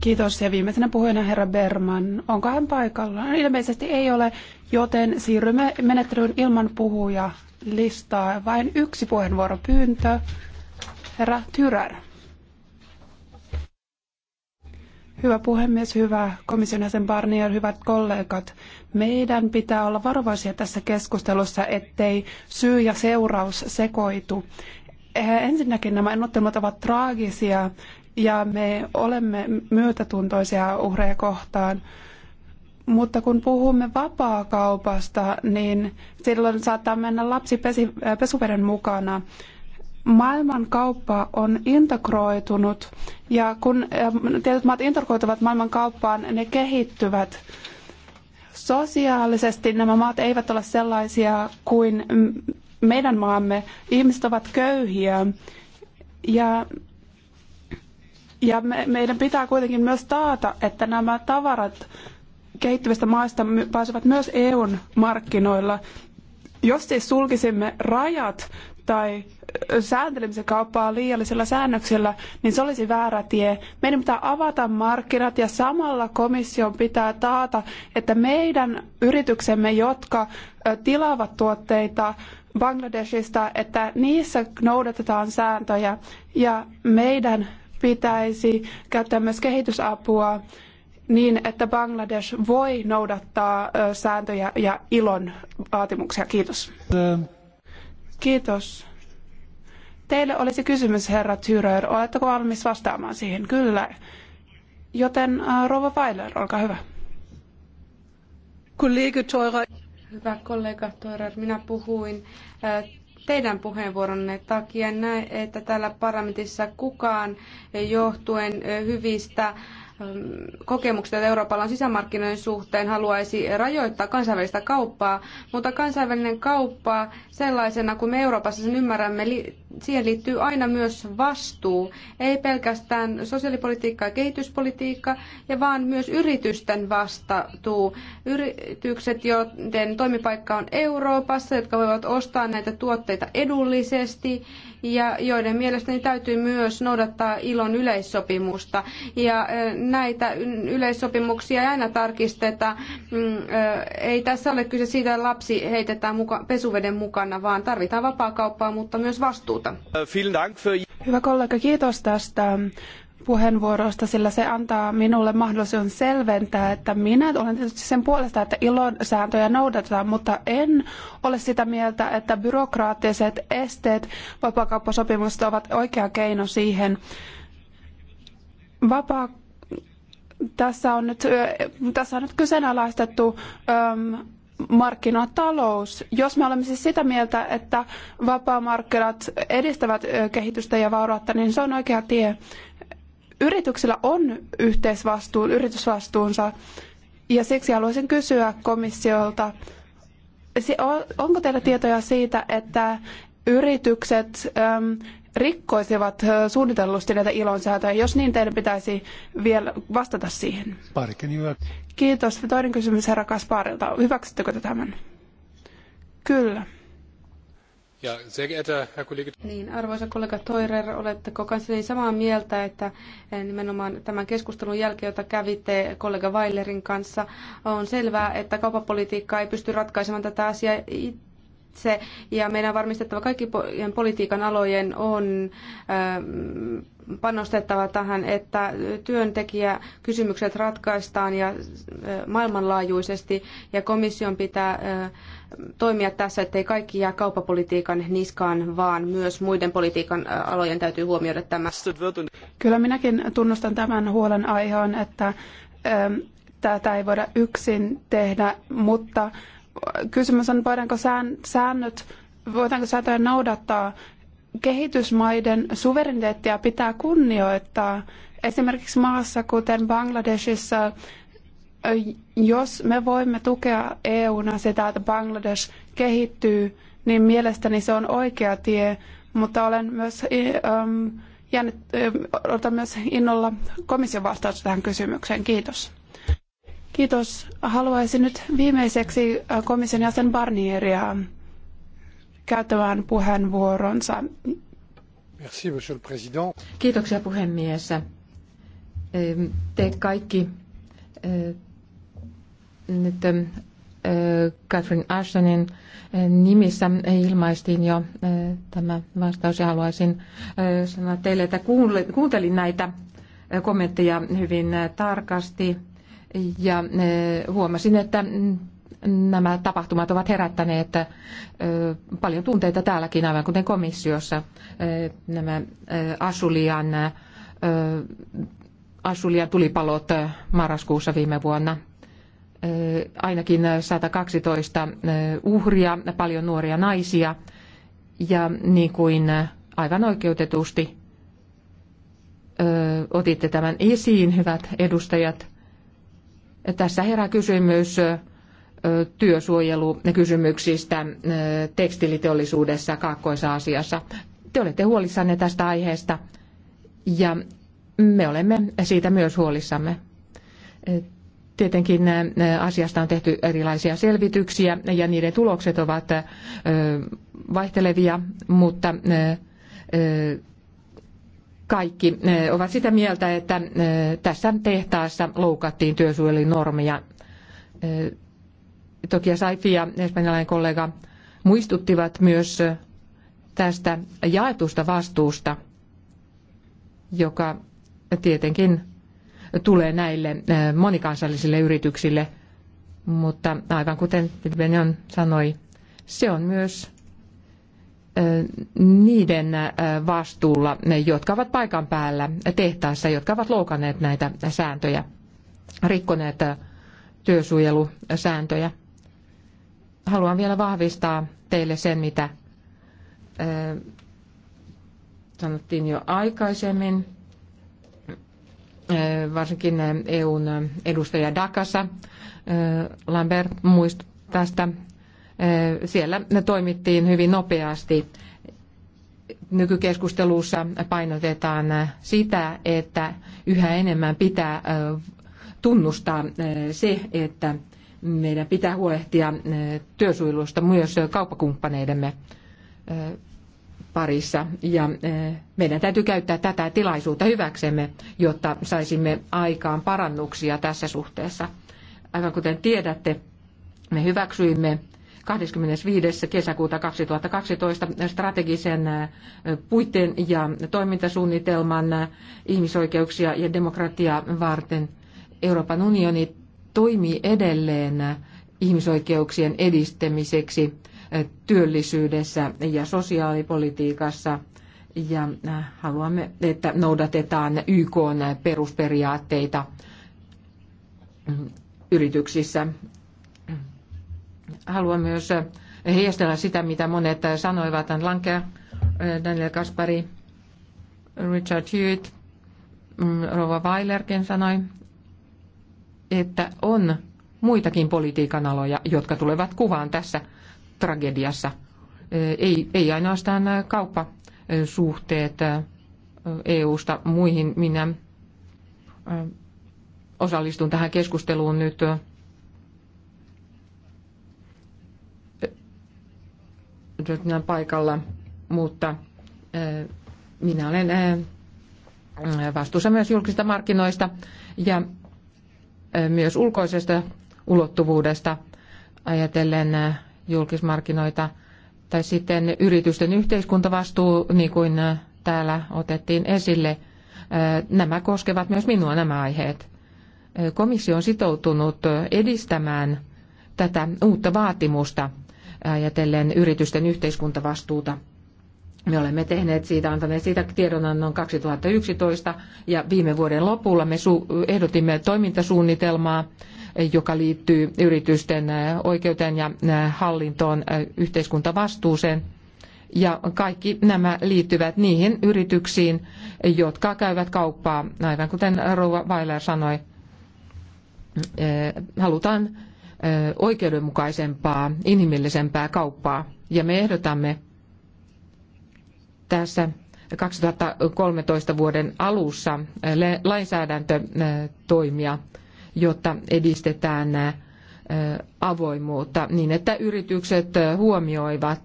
Kiitos. Ja viimeisenä puhujana herra Berman. Onko hän paikalla? No, ilmeisesti ei ole, joten siirrymme menettelyyn ilman puhuja listaa. Vain yksi puheenvuoropyyntö. Herra Tyrär. Hyvä puhemies, hyvä komission jäsen Barnier, hyvät kollegat. Meidän pitää olla varovaisia tässä keskustelussa, ettei syy ja seuraus sekoitu. Ensinnäkin nämä ennottelut ovat traagisia ja me olemme myötätuntoisia uhreja kohtaan. Mutta kun puhumme vapaakaupasta, niin silloin saattaa mennä lapsi pesi, äh, pesuveden mukana. Maailman kauppa on integroitunut ja kun ähm, tietyt maat integroituvat maailman kauppaan, ne kehittyvät. Sosiaalisesti nämä maat eivät ole sellaisia kuin meidän maamme. Ihmiset ovat köyhiä ja ja me, meidän pitää kuitenkin myös taata, että nämä tavarat kehittyvistä maista pääsevät myös EUn markkinoilla. Jos siis sulkisimme rajat tai sääntelemisen kauppaa liiallisilla säännöksillä, niin se olisi väärä tie. Meidän pitää avata markkinat ja samalla komission pitää taata, että meidän yrityksemme, jotka tilaavat tuotteita Bangladeshista, että niissä noudatetaan sääntöjä ja meidän pitäisi käyttää myös kehitysapua niin, että Bangladesh voi noudattaa sääntöjä ja ilon vaatimuksia. Kiitos. Kiitos. Teille olisi kysymys, herra Tyröer. Oletteko valmis vastaamaan siihen? Kyllä. Joten äh, rouva Weiler, olkaa hyvä. Kollega Hyvä kollega Teurer, minä puhuin teidän puheenvuoronne takia näe, että täällä parlamentissa kukaan johtuen hyvistä kokemukset, joita Euroopalla on sisämarkkinoiden suhteen, haluaisi rajoittaa kansainvälistä kauppaa, mutta kansainvälinen kauppa sellaisena kuin me Euroopassa sen ymmärrämme, siihen liittyy aina myös vastuu, ei pelkästään sosiaalipolitiikka ja kehityspolitiikka, ja vaan myös yritysten vastuu. Yritykset, joiden toimipaikka on Euroopassa, jotka voivat ostaa näitä tuotteita edullisesti, ja joiden mielestäni täytyy myös noudattaa ilon yleissopimusta. Ja näitä yleissopimuksia ei aina tarkisteta. Mm, ei tässä ole kyse siitä, että lapsi heitetään muka, pesuveden mukana, vaan tarvitaan vapaakauppaa, mutta myös vastuuta. Hyvä kollega, kiitos tästä puheenvuorosta, sillä se antaa minulle mahdollisuuden selventää, että minä olen tietysti sen puolesta, että ilon sääntöjä noudatetaan, mutta en ole sitä mieltä, että byrokraattiset esteet vapaakauppasopimuksesta ovat oikea keino siihen. Vapaa tässä on nyt, tässä on nyt kyseenalaistettu äm, markkinatalous. Jos me olemme siis sitä mieltä, että vapaamarkkinat edistävät kehitystä ja vaurautta, niin se on oikea tie yrityksillä on yhteisvastuu, yritysvastuunsa, ja siksi haluaisin kysyä komissiolta, onko teillä tietoja siitä, että yritykset ähm, rikkoisivat äh, suunnitellusti näitä ilonsäätöjä. Jos niin, teidän pitäisi vielä vastata siihen. Uh, Kiitos. Toinen kysymys herra Kasparilta. Hyväksyttekö te tämän? Kyllä. Ja, sehr geehrter Herr Kollege... Niin, arvoisa kollega Toirer, oletteko kanssani samaa mieltä, että eh, nimenomaan tämän keskustelun jälkeen, jota kävitte kollega Weilerin kanssa, on selvää, että kauppapolitiikka ei pysty ratkaisemaan tätä asiaa itse itse ja meidän on varmistettava kaikkien politiikan alojen on ähm, panostettava tähän, että työntekijäkysymykset ratkaistaan ja äh, maailmanlaajuisesti ja komission pitää äh, toimia tässä, ettei kaikki jää kaupapolitiikan niskaan, vaan myös muiden politiikan äh, alojen täytyy huomioida tämä. Kyllä minäkin tunnustan tämän huolen aiheen, että ähm, tätä ei voida yksin tehdä, mutta kysymys on, voidaanko säännöt, voidaanko sääntöjä noudattaa. Kehitysmaiden suvereniteettia pitää kunnioittaa. Esimerkiksi maassa, kuten Bangladesissa, jos me voimme tukea EUna sitä, että Bangladesh kehittyy, niin mielestäni se on oikea tie, mutta olen myös, ähm, jäänyt, äh, odotan myös innolla komission vastausta tähän kysymykseen. Kiitos. Kiitos. Haluaisin nyt viimeiseksi komission jäsen Barnieria käyttämään puheenvuoronsa. Merci, monsieur le président. Kiitoksia puhemies. Te kaikki nyt Catherine Ashtonin nimissä ilmaistiin jo tämä vastaus ja haluaisin sanoa teille, että kuuntelin näitä kommentteja hyvin tarkasti ja eh, huomasin, että nämä tapahtumat ovat herättäneet eh, paljon tunteita täälläkin, aivan kuten komissiossa. Eh, nämä Asulian, Asulian tulipalot marraskuussa viime vuonna. Ainakin 112 uhria, paljon nuoria naisia ja niin kuin aivan oikeutetusti otitte tämän esiin, hyvät edustajat, tässä herää kysymys työsuojelukysymyksistä tekstiiliteollisuudessa Kaakkois-Aasiassa. Te olette huolissanne tästä aiheesta ja me olemme siitä myös huolissamme. Tietenkin asiasta on tehty erilaisia selvityksiä ja niiden tulokset ovat vaihtelevia, mutta kaikki eh, ovat sitä mieltä, että eh, tässä tehtaassa loukattiin työsuojelun normeja. Eh, toki Saifi ja espanjalainen kollega muistuttivat myös tästä jaetusta vastuusta, joka tietenkin tulee näille monikansallisille yrityksille, mutta aivan kuten Benjon sanoi, se on myös niiden vastuulla, jotka ovat paikan päällä tehtaassa, jotka ovat loukanneet näitä sääntöjä, rikkoneet työsuojelusääntöjä. Haluan vielä vahvistaa teille sen, mitä sanottiin jo aikaisemmin, varsinkin EUn edustaja Dakassa. Lambert muistutti tästä siellä toimittiin hyvin nopeasti. Nykykeskustelussa painotetaan sitä, että yhä enemmän pitää tunnustaa se, että meidän pitää huolehtia työsuojelusta myös kauppakumppaneidemme parissa. Ja meidän täytyy käyttää tätä tilaisuutta hyväksemme, jotta saisimme aikaan parannuksia tässä suhteessa. Aivan kuten tiedätte, me hyväksyimme 25. kesäkuuta 2012 strategisen äh, puitteen ja toimintasuunnitelman äh, ihmisoikeuksia ja demokratiaa varten. Euroopan unioni toimii edelleen äh, ihmisoikeuksien edistämiseksi työllisyydessä ja sosiaalipolitiikassa ja haluamme, että noudatetaan YK perusperiaatteita mm, yrityksissä Haluan myös heijastella sitä, mitä monet sanoivat, Dan Lanker, Daniel Kaspari, Richard Hewitt, mm, Rova Weilerkin sanoi, että on muitakin politiikan aloja, jotka tulevat kuvaan tässä tragediassa. Ei, ei ainoastaan kauppasuhteet EU-sta muihin. Minä osallistun tähän keskusteluun nyt Jordan paikalla, mutta eh, minä olen eh, vastuussa myös julkisista markkinoista ja eh, myös ulkoisesta ulottuvuudesta ajatellen julkismarkkinoita tai sitten yritysten yhteiskuntavastuu, niin kuin täällä otettiin esille. Nämä koskevat myös minua nämä aiheet. Komissio on sitoutunut edistämään tätä uutta vaatimusta ajatellen yritysten yhteiskuntavastuuta. Me olemme tehneet siitä, antaneet siitä tiedonannon 2011 ja viime vuoden lopulla me ehdotimme toimintasuunnitelmaa, joka liittyy yritysten oikeuteen ja hallintoon yhteiskuntavastuuseen. Ja kaikki nämä liittyvät niihin yrityksiin, jotka käyvät kauppaa, aivan kuten Rouva Weiler sanoi, halutaan oikeudenmukaisempaa, inhimillisempää kauppaa. Ja me ehdotamme tässä 2013 vuoden alussa lainsäädäntötoimia, jotta edistetään avoimuutta niin, että yritykset huomioivat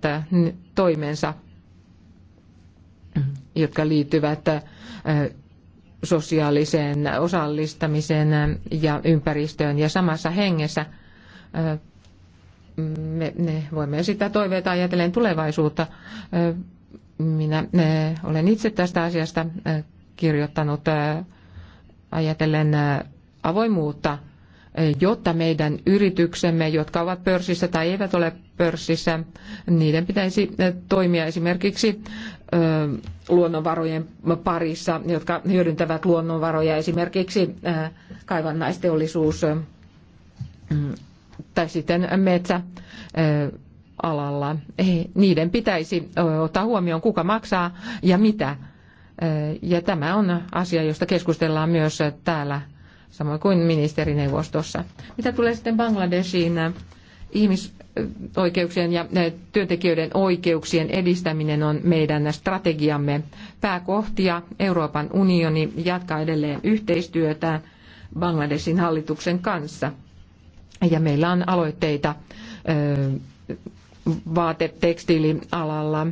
toimensa, jotka liittyvät sosiaaliseen osallistamiseen ja ympäristöön. Ja samassa hengessä me, me voimme esittää toiveita ajatellen tulevaisuutta. Minä olen itse tästä asiasta kirjoittanut ajatellen avoimuutta, jotta meidän yrityksemme, jotka ovat pörssissä tai eivät ole pörssissä, niiden pitäisi toimia esimerkiksi luonnonvarojen parissa, jotka hyödyntävät luonnonvaroja, esimerkiksi kaivannaisteollisuus tai sitten metsäalalla Niiden pitäisi ottaa huomioon, kuka maksaa ja mitä. Ja tämä on asia, josta keskustellaan myös täällä, samoin kuin ministerineuvostossa. Mitä tulee sitten Bangladeshiin, ihmisoikeuksien ja työntekijöiden oikeuksien edistäminen on meidän strategiamme pääkohtia. Euroopan unioni jatkaa edelleen yhteistyötään Bangladesin hallituksen kanssa – ja meillä on aloitteita vaatetekstiilialalla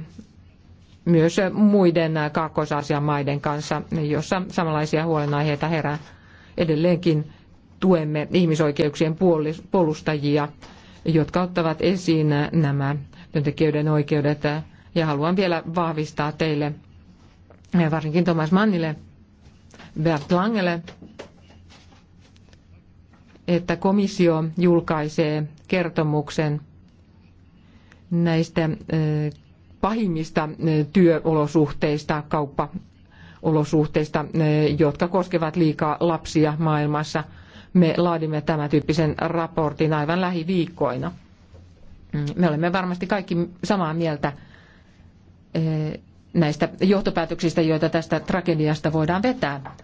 myös muiden Kaakkois-Aasian maiden kanssa, jossa samanlaisia huolenaiheita herää edelleenkin tuemme ihmisoikeuksien puolustajia, jotka ottavat esiin nämä työntekijöiden oikeudet. Ja haluan vielä vahvistaa teille, varsinkin Thomas Mannille, Bert Langelle että komissio julkaisee kertomuksen näistä pahimmista työolosuhteista, kauppaolosuhteista, jotka koskevat liikaa lapsia maailmassa. Me laadimme tämän tyyppisen raportin aivan lähiviikkoina. Mm, me olemme varmasti kaikki samaa mieltä näistä johtopäätöksistä, joita tästä tragediasta voidaan vetää.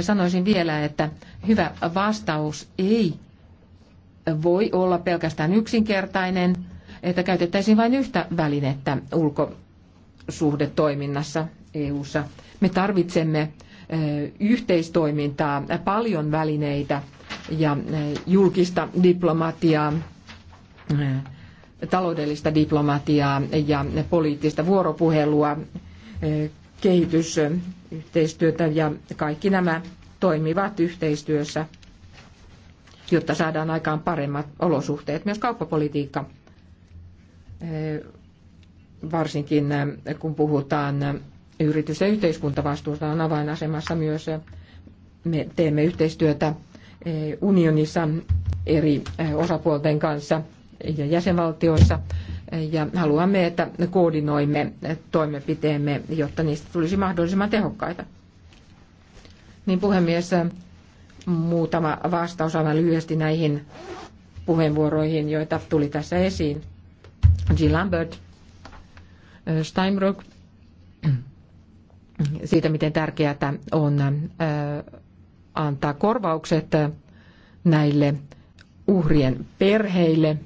Sanoisin vielä, että hyvä vastaus ei voi olla pelkästään yksinkertainen, että käytettäisiin vain yhtä välinettä ulkosuhdetoiminnassa EU:ssa. Me tarvitsemme yhteistoimintaa, paljon välineitä ja julkista diplomatiaa, taloudellista diplomatiaa ja poliittista vuoropuhelua kehitysyhteistyötä ja kaikki nämä toimivat yhteistyössä, jotta saadaan aikaan paremmat olosuhteet. Myös kauppapolitiikka, varsinkin kun puhutaan yritys- ja yhteiskuntavastuusta, on avainasemassa myös. Me teemme yhteistyötä unionissa eri osapuolten kanssa ja jäsenvaltioissa ja haluamme, että koordinoimme toimenpiteemme, jotta niistä tulisi mahdollisimman tehokkaita. Niin puhemies, muutama vastaus aivan lyhyesti näihin puheenvuoroihin, joita tuli tässä esiin. G. Lambert, Steinbrück, siitä miten tärkeää on äh, antaa korvaukset näille uhrien perheille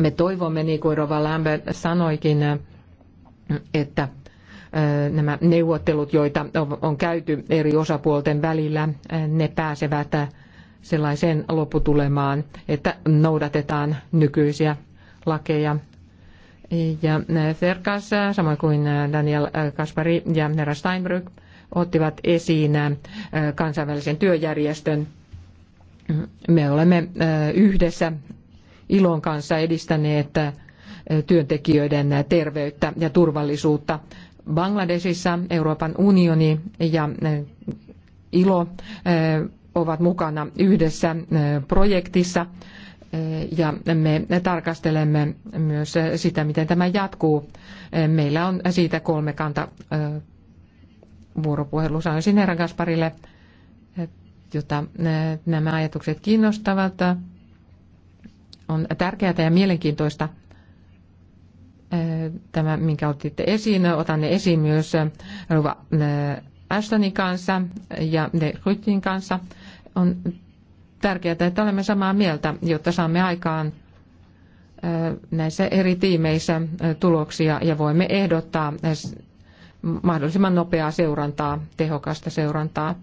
me toivomme, niin kuin Rova Lambert sanoikin, että nämä neuvottelut, joita on käyty eri osapuolten välillä, ne pääsevät sellaiseen lopputulemaan, että noudatetaan nykyisiä lakeja. Ja Ferkas, samoin kuin Daniel Kaspari ja Nera Steinbrück, ottivat esiin kansainvälisen työjärjestön. Me olemme yhdessä ilon kanssa edistäneet työntekijöiden terveyttä ja turvallisuutta. Bangladesissa Euroopan unioni ja ILO ovat mukana yhdessä projektissa ja me tarkastelemme myös sitä, miten tämä jatkuu. Meillä on siitä kolme kanta vuoropuhelu. Sanoisin herra Gasparille, jota nämä ajatukset kiinnostavat on tärkeää ja mielenkiintoista tämä, minkä otitte esiin. Otan ne esiin myös Ruva Ashtonin kanssa ja ne Rytin kanssa. On tärkeää, että olemme samaa mieltä, jotta saamme aikaan näissä eri tiimeissä tuloksia ja voimme ehdottaa mahdollisimman nopeaa seurantaa, tehokasta seurantaa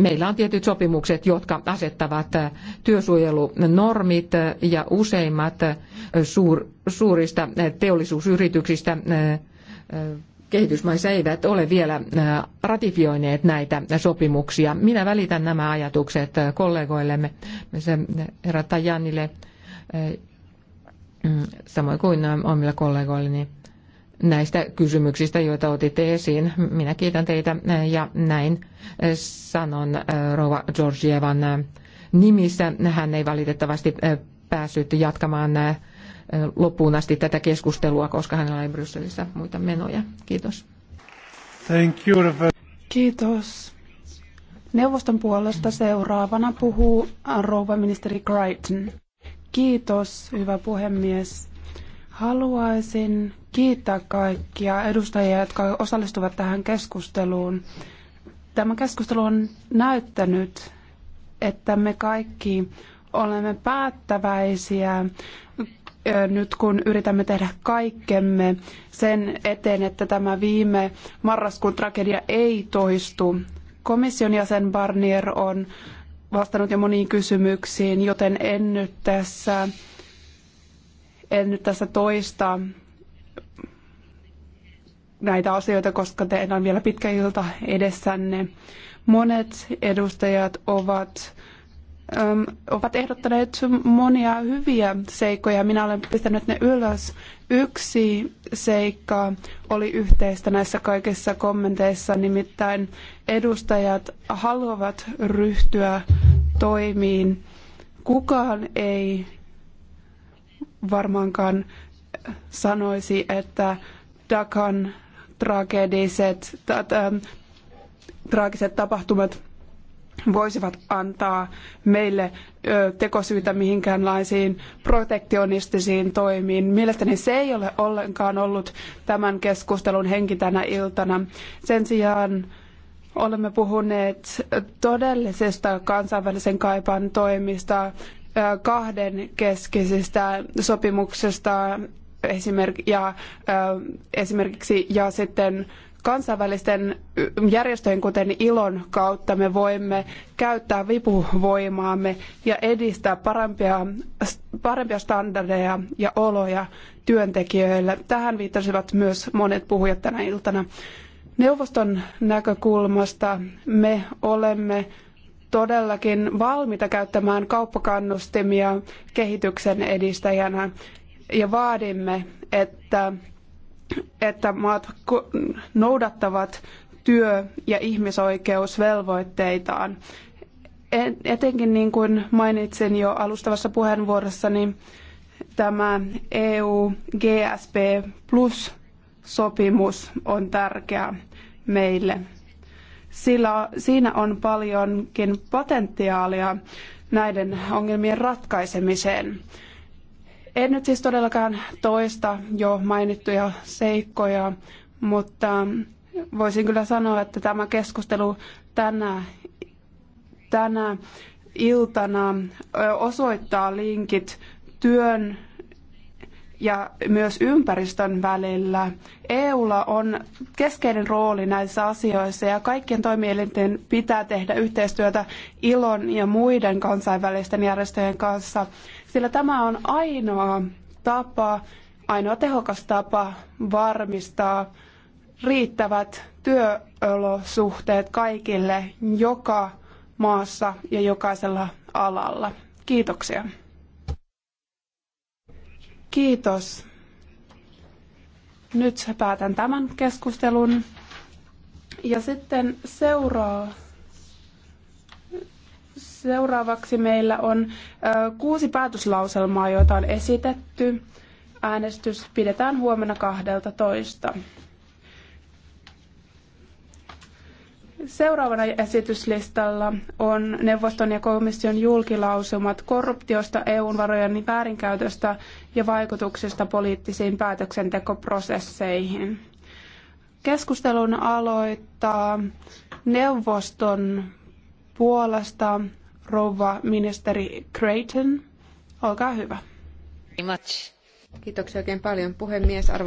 meillä on tietyt sopimukset, jotka asettavat äh, työsuojelunormit äh, ja useimmat äh, suur, suurista teollisuusyrityksistä kehitysmaissa eivät ole vielä ratifioineet näitä sopimuksia. Minä välitän nämä ajatukset kollegoillemme, herra Tajanille, mm, samoin kuin omilla kollegoilleni. Niin näistä kysymyksistä, joita otitte esiin. Minä kiitän teitä ja näin sanon äh, Rova Georgievan äh, nimissä. Hän ei valitettavasti äh, päässyt jatkamaan loppuun asti tätä keskustelua, koska hänellä ei Brysselissä muita menoja. Kiitos. Thank you. Kiitos. Neuvoston puolesta seuraavana puhuu rouva ministeri Crichton. Kiitos, hyvä puhemies. Haluaisin kiittää kaikkia edustajia, jotka osallistuvat tähän keskusteluun. Tämä keskustelu on näyttänyt, että me kaikki olemme päättäväisiä nyt kun yritämme tehdä kaikkemme sen eteen, että tämä viime marraskuun tragedia ei toistu. Komission jäsen Barnier on vastannut jo moniin kysymyksiin, joten en nyt tässä, en nyt tässä toista näitä asioita, koska teillä on vielä pitkä ilta edessänne. Monet edustajat ovat ovat ehdottaneet monia hyviä seikkoja. Minä olen pistänyt ne ylös. Yksi seikka oli yhteistä näissä kaikissa kommenteissa, nimittäin edustajat haluavat ryhtyä toimiin. Kukaan ei varmaankaan sanoisi, että Dakan tragediset, traagiset tapahtumat voisivat antaa meille tekosyitä mihinkäänlaisiin protektionistisiin toimiin. Mielestäni se ei ole ollenkaan ollut tämän keskustelun henki tänä iltana. Sen sijaan olemme puhuneet todellisista kansainvälisen kaipan toimista, kahden keskisistä sopimuksesta esimerk- ja, esimerkiksi ja sitten kansainvälisten järjestöjen, kuten ILON kautta, me voimme käyttää vipuvoimaamme ja edistää parempia, parempia standardeja ja oloja työntekijöille. Tähän viittasivat myös monet puhujat tänä iltana. Neuvoston näkökulmasta me olemme todellakin valmiita käyttämään kauppakannustimia kehityksen edistäjänä ja vaadimme, että, että maat noudattavat työ- ja ihmisoikeusvelvoitteitaan. Etenkin niin kuin mainitsin jo alustavassa puheenvuorossani, tämä EU GSP Plus sopimus on tärkeä meille. Sillä siinä on paljonkin potentiaalia näiden ongelmien ratkaisemiseen. En nyt siis todellakaan toista jo mainittuja seikkoja, mutta voisin kyllä sanoa, että tämä keskustelu tänä, tänä iltana osoittaa linkit työn ja myös ympäristön välillä. EUlla on keskeinen rooli näissä asioissa ja kaikkien toimielinten pitää tehdä yhteistyötä ILON ja muiden kansainvälisten järjestöjen kanssa sillä tämä on ainoa tapa, ainoa tehokas tapa varmistaa riittävät työolosuhteet kaikille joka maassa ja jokaisella alalla. Kiitoksia. Kiitos. Nyt päätän tämän keskustelun. Ja sitten seuraa Seuraavaksi meillä on kuusi päätöslauselmaa, joita on esitetty. Äänestys pidetään huomenna 12. Seuraavana esityslistalla on neuvoston ja komission julkilausumat korruptiosta, EUn varojen väärinkäytöstä ja vaikutuksista poliittisiin päätöksentekoprosesseihin. Keskustelun aloittaa neuvoston puolesta rouva ministeri Creighton. Olkaa hyvä. Kiitoksia oikein paljon puhemies. Arvo